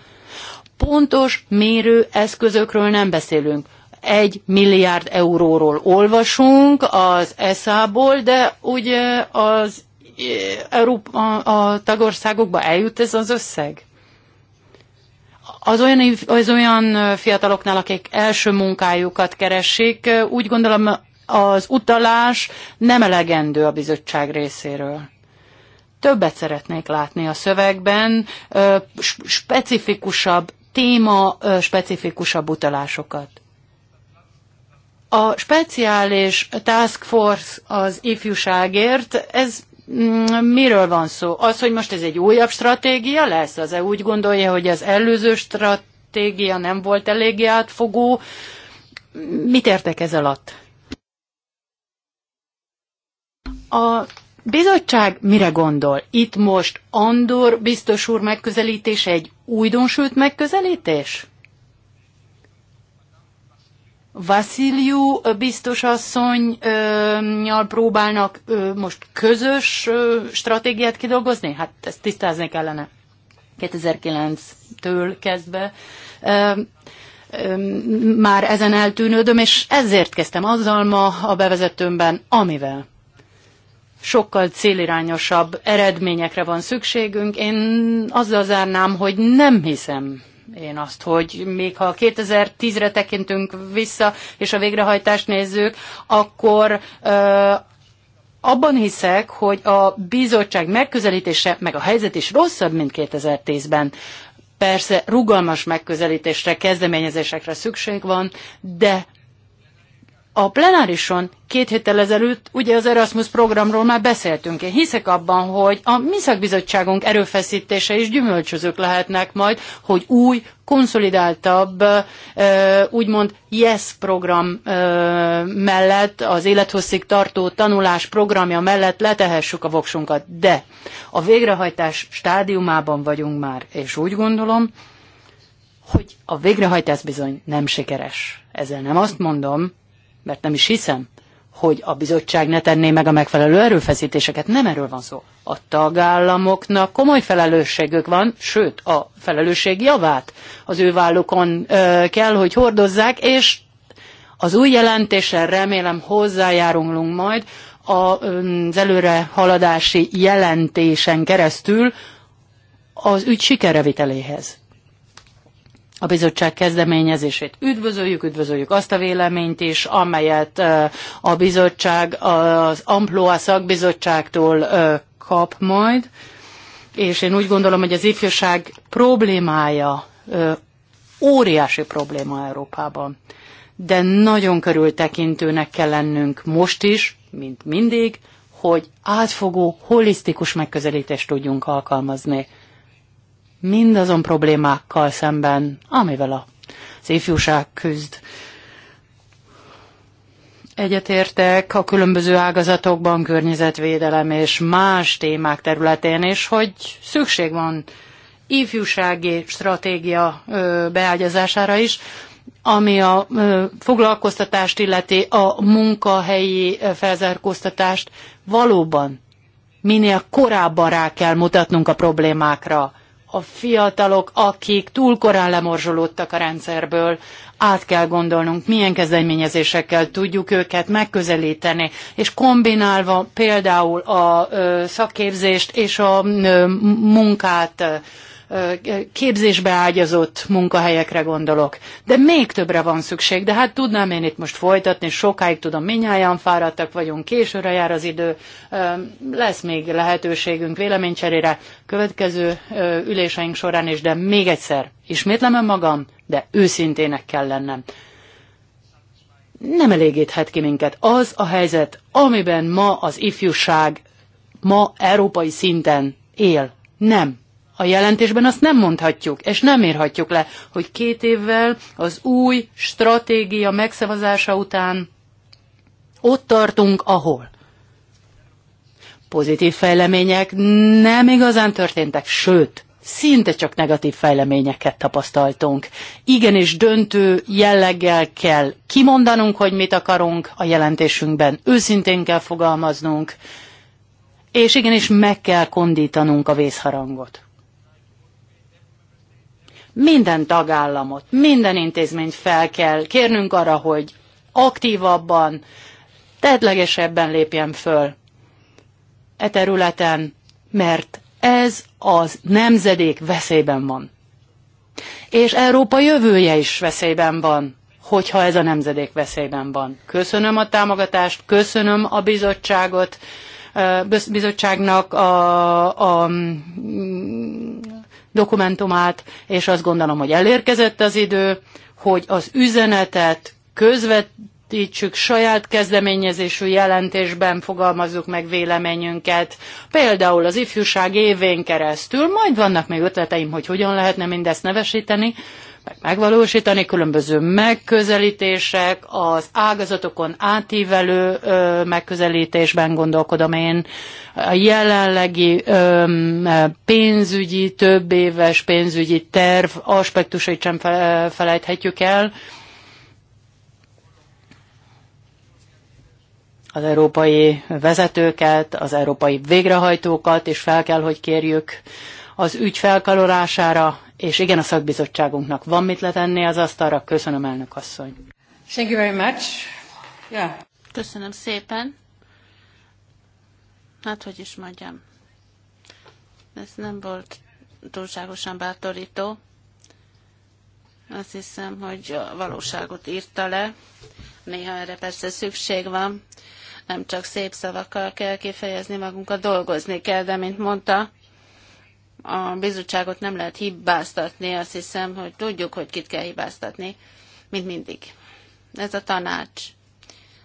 Pontos mérő eszközökről nem beszélünk. Egy milliárd euróról olvasunk az ESZA-ból, de ugye az Európa, a, a tagországokba eljut ez az összeg? Az olyan, az olyan fiataloknál, akik első munkájukat keresik, úgy gondolom az utalás nem elegendő a bizottság részéről. Többet szeretnék látni a szövegben, specifikusabb, téma specifikusabb utalásokat. A speciális task force az ifjúságért, ez Mm, miről van szó? Az, hogy most ez egy újabb stratégia lesz? Az-e úgy gondolja, hogy az előző stratégia nem volt eléggé átfogó? Mit értek ez alatt? A bizottság mire gondol? Itt most Andor biztos úr megközelítése egy újdonsült megközelítés? Vasziliu biztosasszonyjal próbálnak most közös stratégiát kidolgozni? Hát ezt tisztázni kellene. 2009-től kezdve már ezen eltűnődöm, és ezért kezdtem azzal ma a bevezetőmben, amivel sokkal célirányosabb eredményekre van szükségünk. Én azzal zárnám, hogy nem hiszem, én azt, hogy még ha 2010-re tekintünk vissza, és a végrehajtást nézzük, akkor abban hiszek, hogy a bizottság megközelítése, meg a helyzet is rosszabb, mint 2010-ben. Persze rugalmas megközelítésre, kezdeményezésekre szükség van, de a plenárison két héttel ezelőtt ugye az Erasmus programról már beszéltünk. Én hiszek abban, hogy a mi szakbizottságunk erőfeszítése is gyümölcsözők lehetnek majd, hogy új, konszolidáltabb, úgymond YES program mellett, az élethosszig tartó tanulás programja mellett letehessük a voksunkat. De a végrehajtás stádiumában vagyunk már, és úgy gondolom, hogy a végrehajtás bizony nem sikeres. Ezzel nem azt mondom, mert nem is hiszem, hogy a bizottság ne tenné meg a megfelelő erőfeszítéseket. Nem erről van szó. A tagállamoknak komoly felelősségük van, sőt, a felelősség javát az ő vállukon ö, kell, hogy hordozzák, és az új jelentéssel remélem hozzájárulunk majd az előre haladási jelentésen keresztül az ügy sikereviteléhez a bizottság kezdeményezését üdvözöljük, üdvözöljük azt a véleményt is, amelyet a bizottság az Amploa szakbizottságtól kap majd, és én úgy gondolom, hogy az ifjúság problémája óriási probléma Európában. De nagyon körültekintőnek kell lennünk most is, mint mindig, hogy átfogó, holisztikus megközelítést tudjunk alkalmazni mindazon problémákkal szemben, amivel az ifjúság küzd. Egyetértek a különböző ágazatokban, környezetvédelem és más témák területén is, hogy szükség van ifjúsági stratégia beágyazására is, ami a foglalkoztatást illeti, a munkahelyi felzárkóztatást, valóban minél korábban rá kell mutatnunk a problémákra a fiatalok, akik túl korán lemorzsolódtak a rendszerből, át kell gondolnunk, milyen kezdeményezésekkel tudjuk őket megközelíteni, és kombinálva például a szakképzést és a munkát, képzésbe ágyazott munkahelyekre gondolok. De még többre van szükség, de hát tudnám én itt most folytatni, sokáig tudom, minnyáján fáradtak vagyunk, későre jár az idő, lesz még lehetőségünk véleménycserére következő üléseink során is, de még egyszer, ismétlem magam, de őszintének kell lennem nem elégíthet ki minket. Az a helyzet, amiben ma az ifjúság, ma európai szinten él. Nem. A jelentésben azt nem mondhatjuk, és nem érhatjuk le, hogy két évvel az új stratégia megszavazása után ott tartunk, ahol pozitív fejlemények nem igazán történtek, sőt, szinte csak negatív fejleményeket tapasztaltunk. Igenis döntő jelleggel kell kimondanunk, hogy mit akarunk a jelentésünkben, őszintén kell fogalmaznunk, és igenis meg kell kondítanunk a vészharangot minden tagállamot, minden intézményt fel kell kérnünk arra, hogy aktívabban, tedlegesebben lépjen föl e területen, mert ez az nemzedék veszélyben van. És Európa jövője is veszélyben van, hogyha ez a nemzedék veszélyben van. Köszönöm a támogatást, köszönöm a bizottságot, bizottságnak a, a dokumentumát, és azt gondolom, hogy elérkezett az idő, hogy az üzenetet közvetítsük saját kezdeményezésű jelentésben, fogalmazzuk meg véleményünket, például az ifjúság évén keresztül, majd vannak még ötleteim, hogy hogyan lehetne mindezt nevesíteni, meg megvalósítani, különböző megközelítések, az ágazatokon átívelő ö, megközelítésben gondolkodom én, a jelenlegi ö, pénzügyi, több éves pénzügyi terv aspektusait sem felejthetjük el, az európai vezetőket, az európai végrehajtókat, és fel kell, hogy kérjük az ügy felkarolására, és igen, a szakbizottságunknak van mit letenni az asztalra. Köszönöm, elnök asszony. Thank you very much. Yeah. Köszönöm szépen. Hát, hogy is mondjam. Ez nem volt túlságosan bátorító. Azt hiszem, hogy a valóságot írta le. Néha erre persze szükség van. Nem csak szép szavakkal kell kifejezni magunkat, dolgozni kell, de mint mondta, a bizottságot nem lehet hibáztatni, azt hiszem, hogy tudjuk, hogy kit kell hibáztatni, mint mindig. Ez a tanács.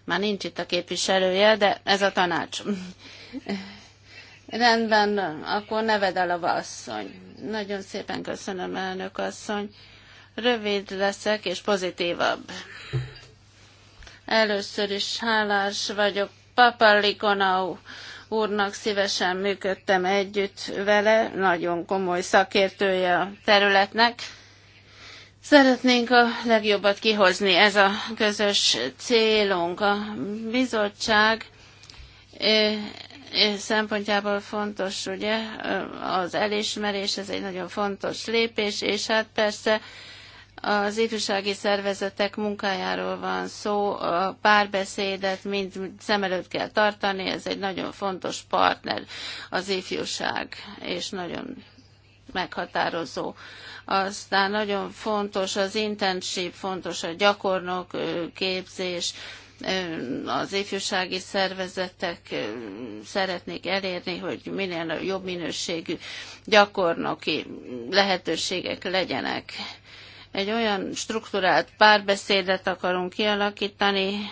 Már nincs itt a képviselője, de ez a tanács. Rendben, akkor neved el a asszony. Nagyon szépen köszönöm, elnök asszony. Rövid leszek és pozitívabb. Először is hálás vagyok Papalikonau úrnak szívesen működtem együtt vele, nagyon komoly szakértője a területnek. Szeretnénk a legjobbat kihozni, ez a közös célunk. A bizottság szempontjából fontos, ugye, az elismerés, ez egy nagyon fontos lépés, és hát persze az ifjúsági szervezetek munkájáról van szó, a párbeszédet mind szem előtt kell tartani, ez egy nagyon fontos partner az ifjúság, és nagyon meghatározó. Aztán nagyon fontos az internship, fontos a gyakornok képzés, az ifjúsági szervezetek szeretnék elérni, hogy minél jobb minőségű gyakornoki lehetőségek legyenek egy olyan struktúrált párbeszédet akarunk kialakítani,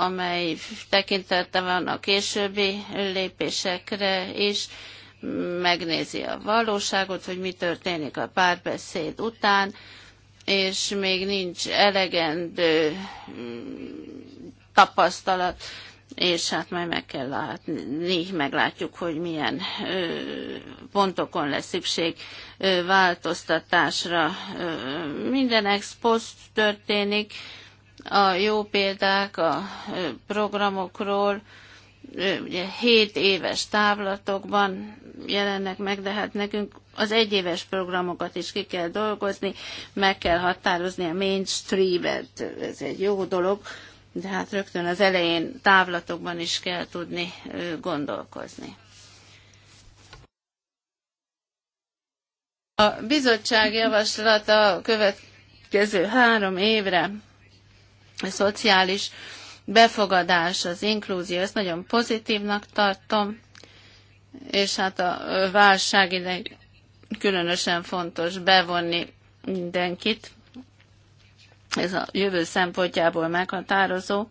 amely tekintete van a későbbi lépésekre is, megnézi a valóságot, hogy mi történik a párbeszéd után, és még nincs elegendő mm, tapasztalat és hát majd meg kell látni, meglátjuk, hogy milyen pontokon lesz szükség változtatásra. Minden ex post történik, a jó példák a programokról, ugye 7 éves távlatokban jelennek meg, de hát nekünk az egyéves programokat is ki kell dolgozni, meg kell határozni a mainstream-et, ez egy jó dolog, de hát rögtön az elején távlatokban is kell tudni gondolkozni. A bizottság javaslata következő három évre a szociális befogadás, az inklúzió, ezt nagyon pozitívnak tartom, és hát a válság ide különösen fontos bevonni mindenkit, ez a jövő szempontjából meghatározó.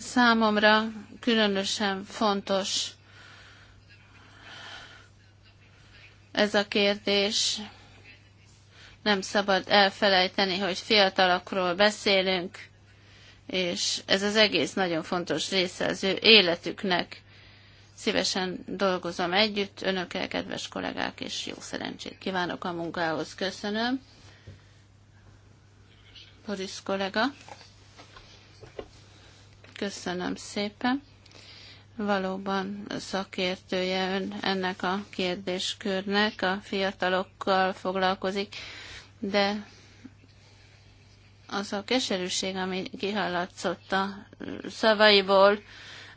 Számomra különösen fontos ez a kérdés. Nem szabad elfelejteni, hogy fiatalokról beszélünk, és ez az egész nagyon fontos része az ő életüknek. Szívesen dolgozom együtt önökkel, kedves kollégák, és jó szerencsét kívánok a munkához. Köszönöm. Boris kollega. Köszönöm szépen. Valóban szakértője ön ennek a kérdéskörnek, a fiatalokkal foglalkozik, de az a keserűség, ami kihallatszott a szavaiból,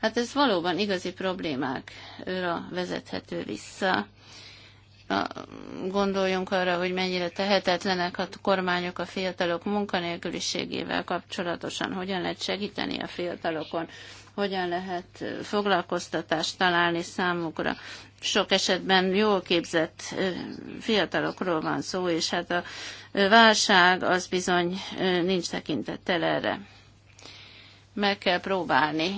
hát ez valóban igazi problémákra vezethető vissza gondoljunk arra, hogy mennyire tehetetlenek a kormányok a fiatalok munkanélküliségével kapcsolatosan, hogyan lehet segíteni a fiatalokon, hogyan lehet foglalkoztatást találni számukra. Sok esetben jól képzett fiatalokról van szó, és hát a válság az bizony nincs tekintettel erre. Meg kell próbálni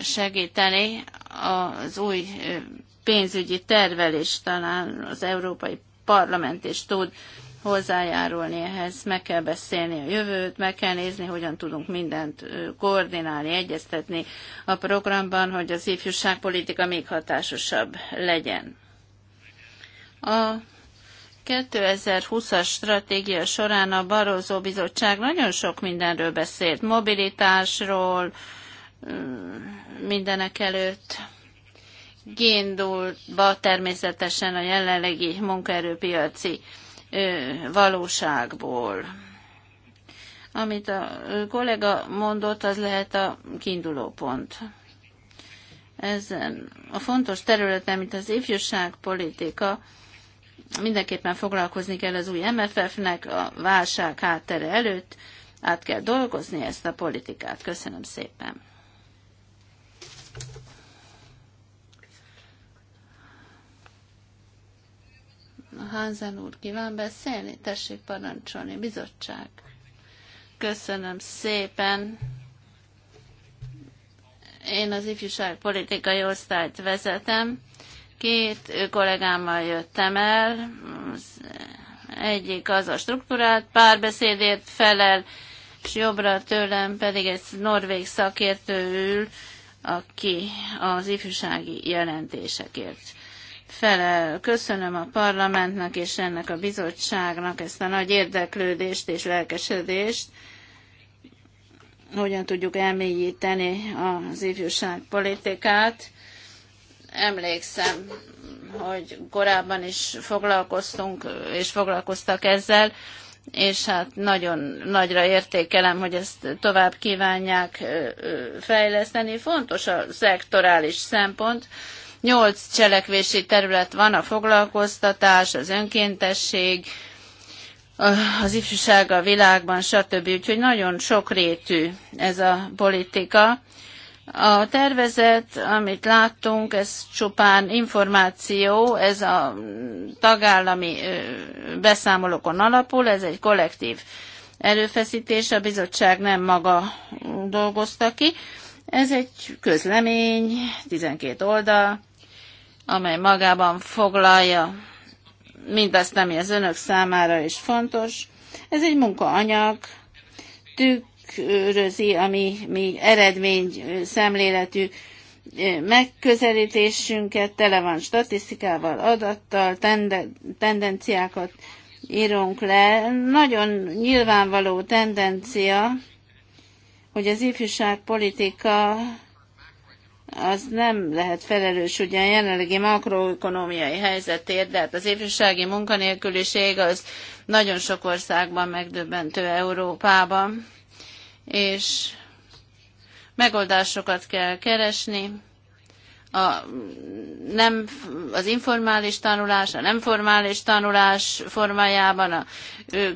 segíteni az új pénzügyi tervelés talán az Európai Parlament is tud hozzájárulni ehhez, meg kell beszélni a jövőt, meg kell nézni, hogyan tudunk mindent koordinálni, egyeztetni a programban, hogy az ifjúságpolitika még hatásosabb legyen. A 2020-as stratégia során a Barózó Bizottság nagyon sok mindenről beszélt, mobilitásról, mindenek előtt kiindulva természetesen a jelenlegi munkaerőpiaci valóságból. Amit a kollega mondott, az lehet a kiinduló pont. Ez a fontos terület, mint az ifjúságpolitika, mindenképpen foglalkozni kell az új MFF-nek a válság háttere előtt, át kell dolgozni ezt a politikát. Köszönöm szépen. Hansen úr kíván beszélni? Tessék parancsolni, bizottság. Köszönöm szépen. Én az ifjúság politikai osztályt vezetem. Két kollégámmal jöttem el. Az egyik az a struktúrált párbeszédért felel, és jobbra tőlem pedig egy norvég szakértő ül, aki az ifjúsági jelentésekért felel. Köszönöm a parlamentnek és ennek a bizottságnak ezt a nagy érdeklődést és lelkesedést, hogyan tudjuk elmélyíteni az ifjúságpolitikát. Emlékszem, hogy korábban is foglalkoztunk és foglalkoztak ezzel, és hát nagyon nagyra értékelem, hogy ezt tovább kívánják fejleszteni. Fontos a szektorális szempont, Nyolc cselekvési terület van, a foglalkoztatás, az önkéntesség, az ifjúság a világban, stb. Úgyhogy nagyon sokrétű ez a politika. A tervezet, amit láttunk, ez csupán információ, ez a tagállami beszámolókon alapul, ez egy kollektív erőfeszítés, a bizottság nem maga dolgozta ki. Ez egy közlemény, 12 oldal, amely magában foglalja mindazt, ami az önök számára is fontos. Ez egy munkaanyag, tükrözi a mi, mi eredmény szemléletű megközelítésünket, tele van statisztikával, adattal, tende, tendenciákat írunk le. Nagyon nyilvánvaló tendencia, hogy az ifjúságpolitika politika az nem lehet felelős a jelenlegi makroökonomiai helyzetért, de hát az ifjúsági munkanélküliség az nagyon sok országban megdöbbentő Európában, és megoldásokat kell keresni a nem, az informális tanulás, a nem formális tanulás formájában a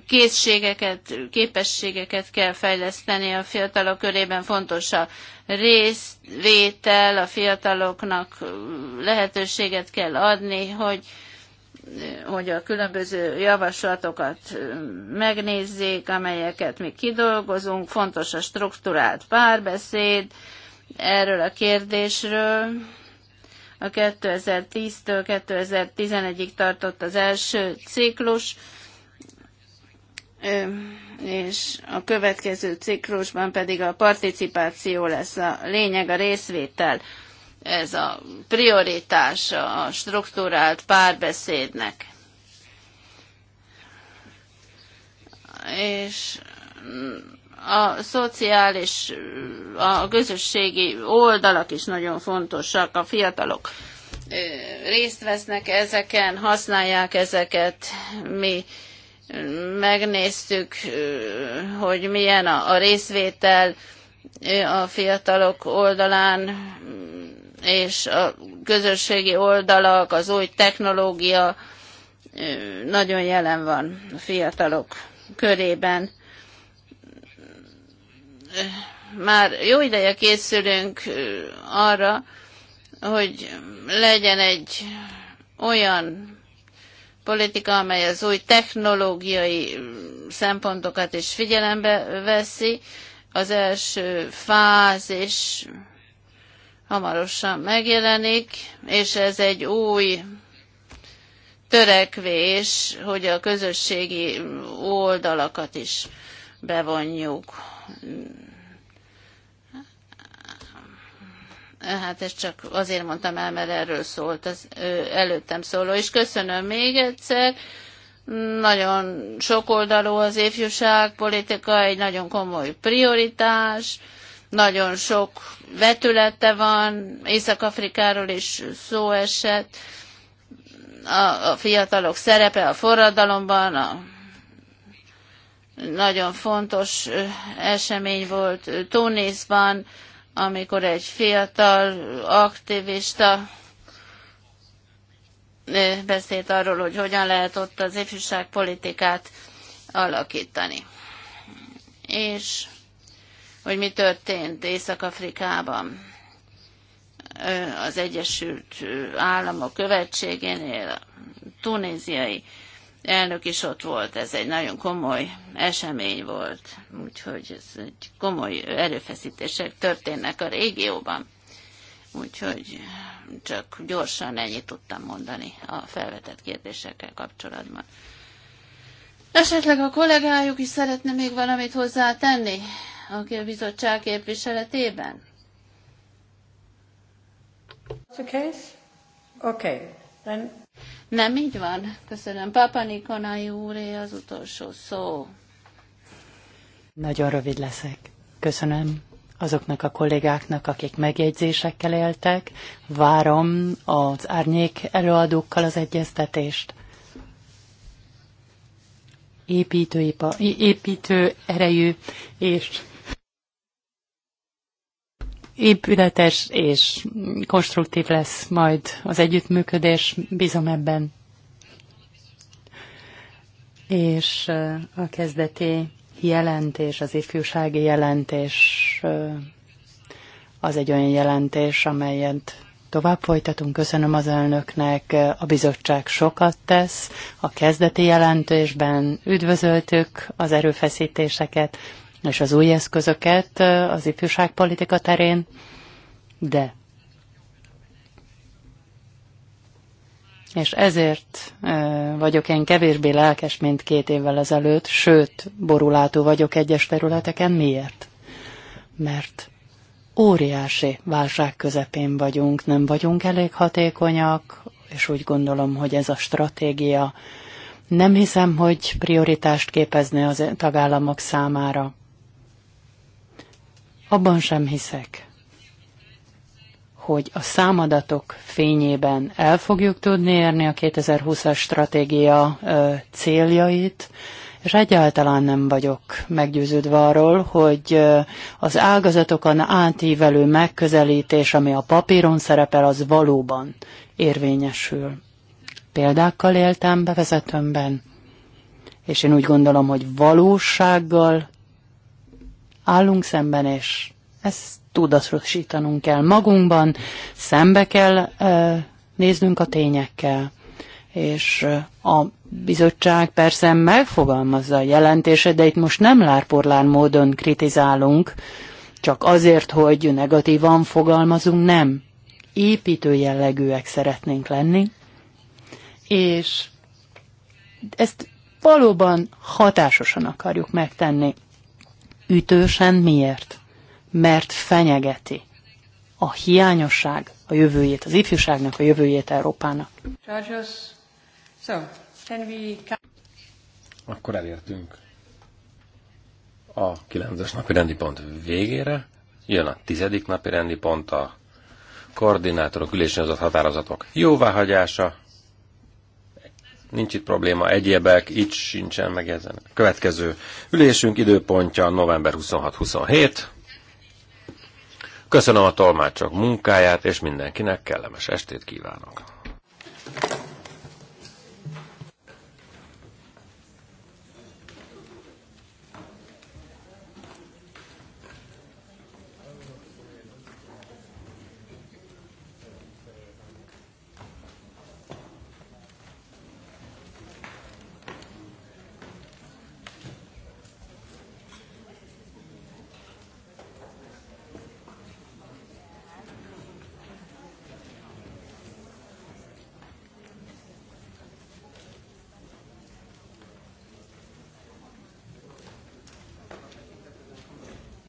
készségeket, képességeket kell fejleszteni a fiatalok körében fontos a részvétel, a fiataloknak lehetőséget kell adni, hogy hogy a különböző javaslatokat megnézzék, amelyeket mi kidolgozunk. Fontos a struktúrált párbeszéd erről a kérdésről a 2010-től 2011-ig tartott az első ciklus, és a következő ciklusban pedig a participáció lesz a lényeg, a részvétel. Ez a prioritás a struktúrált párbeszédnek. És a szociális, a közösségi oldalak is nagyon fontosak, a fiatalok részt vesznek ezeken, használják ezeket, mi megnéztük, hogy milyen a részvétel a fiatalok oldalán, és a közösségi oldalak, az új technológia nagyon jelen van a fiatalok körében már jó ideje készülünk arra, hogy legyen egy olyan politika, amely az új technológiai szempontokat is figyelembe veszi. Az első fázis hamarosan megjelenik, és ez egy új törekvés, hogy a közösségi oldalakat is bevonjuk Hát ezt csak azért mondtam el, mert erről szólt az előttem szóló, és köszönöm még egyszer. Nagyon sokoldalú az ifjúság politika, egy nagyon komoly prioritás, nagyon sok vetülete van, Észak-Afrikáról is szó esett, a, a fiatalok szerepe a forradalomban, a nagyon fontos esemény volt Tunisban, amikor egy fiatal aktivista beszélt arról, hogy hogyan lehet ott az ifjúságpolitikát alakítani. És hogy mi történt Észak-Afrikában az Egyesült Államok követségénél, a tunéziai elnök is ott volt, ez egy nagyon komoly esemény volt, úgyhogy ez egy komoly erőfeszítések történnek a régióban. Úgyhogy csak gyorsan ennyit tudtam mondani a felvetett kérdésekkel kapcsolatban. Esetleg a kollégájuk is szeretne még valamit hozzátenni, aki a bizottság képviseletében? That's the case? Okay. Then nem így van? Köszönöm. Papa Nikonai úré az utolsó szó. Nagyon rövid leszek. Köszönöm azoknak a kollégáknak, akik megjegyzésekkel éltek. Várom az árnyék előadókkal az egyeztetést. Építőipa, építő erejű és épületes és konstruktív lesz majd az együttműködés, bízom ebben. És a kezdeti jelentés, az ifjúsági jelentés az egy olyan jelentés, amelyet tovább folytatunk. Köszönöm az elnöknek, a bizottság sokat tesz. A kezdeti jelentésben üdvözöltük az erőfeszítéseket, és az új eszközöket az ifjúságpolitika terén, de És ezért vagyok én kevésbé lelkes, mint két évvel ezelőtt, sőt, borulátó vagyok egyes területeken. Miért? Mert óriási válság közepén vagyunk, nem vagyunk elég hatékonyak, és úgy gondolom, hogy ez a stratégia nem hiszem, hogy prioritást képezne az tagállamok számára. Abban sem hiszek, hogy a számadatok fényében el fogjuk tudni érni a 2020-as stratégia céljait, és egyáltalán nem vagyok meggyőződve arról, hogy az ágazatokon átívelő megközelítés, ami a papíron szerepel, az valóban érvényesül. Példákkal éltem bevezetőmben, és én úgy gondolom, hogy valósággal állunk szemben, és ezt tudatosítanunk kell magunkban, szembe kell néznünk a tényekkel. És a bizottság persze megfogalmazza a jelentése, de itt most nem lárporlán módon kritizálunk, csak azért, hogy negatívan fogalmazunk, nem. Építő jellegűek szeretnénk lenni, és ezt valóban hatásosan akarjuk megtenni ütősen miért? Mert fenyegeti a hiányosság a jövőjét, az ifjúságnak a jövőjét Európának. Akkor elértünk a kilences napi rendi pont végére. Jön a tizedik napi rendi pont a koordinátorok ülésén hozott határozatok jóváhagyása. Nincs itt probléma, egyébek, itt sincsen meg ezen. Következő ülésünk időpontja november 26-27. Köszönöm a tolmácsok munkáját, és mindenkinek kellemes estét kívánok.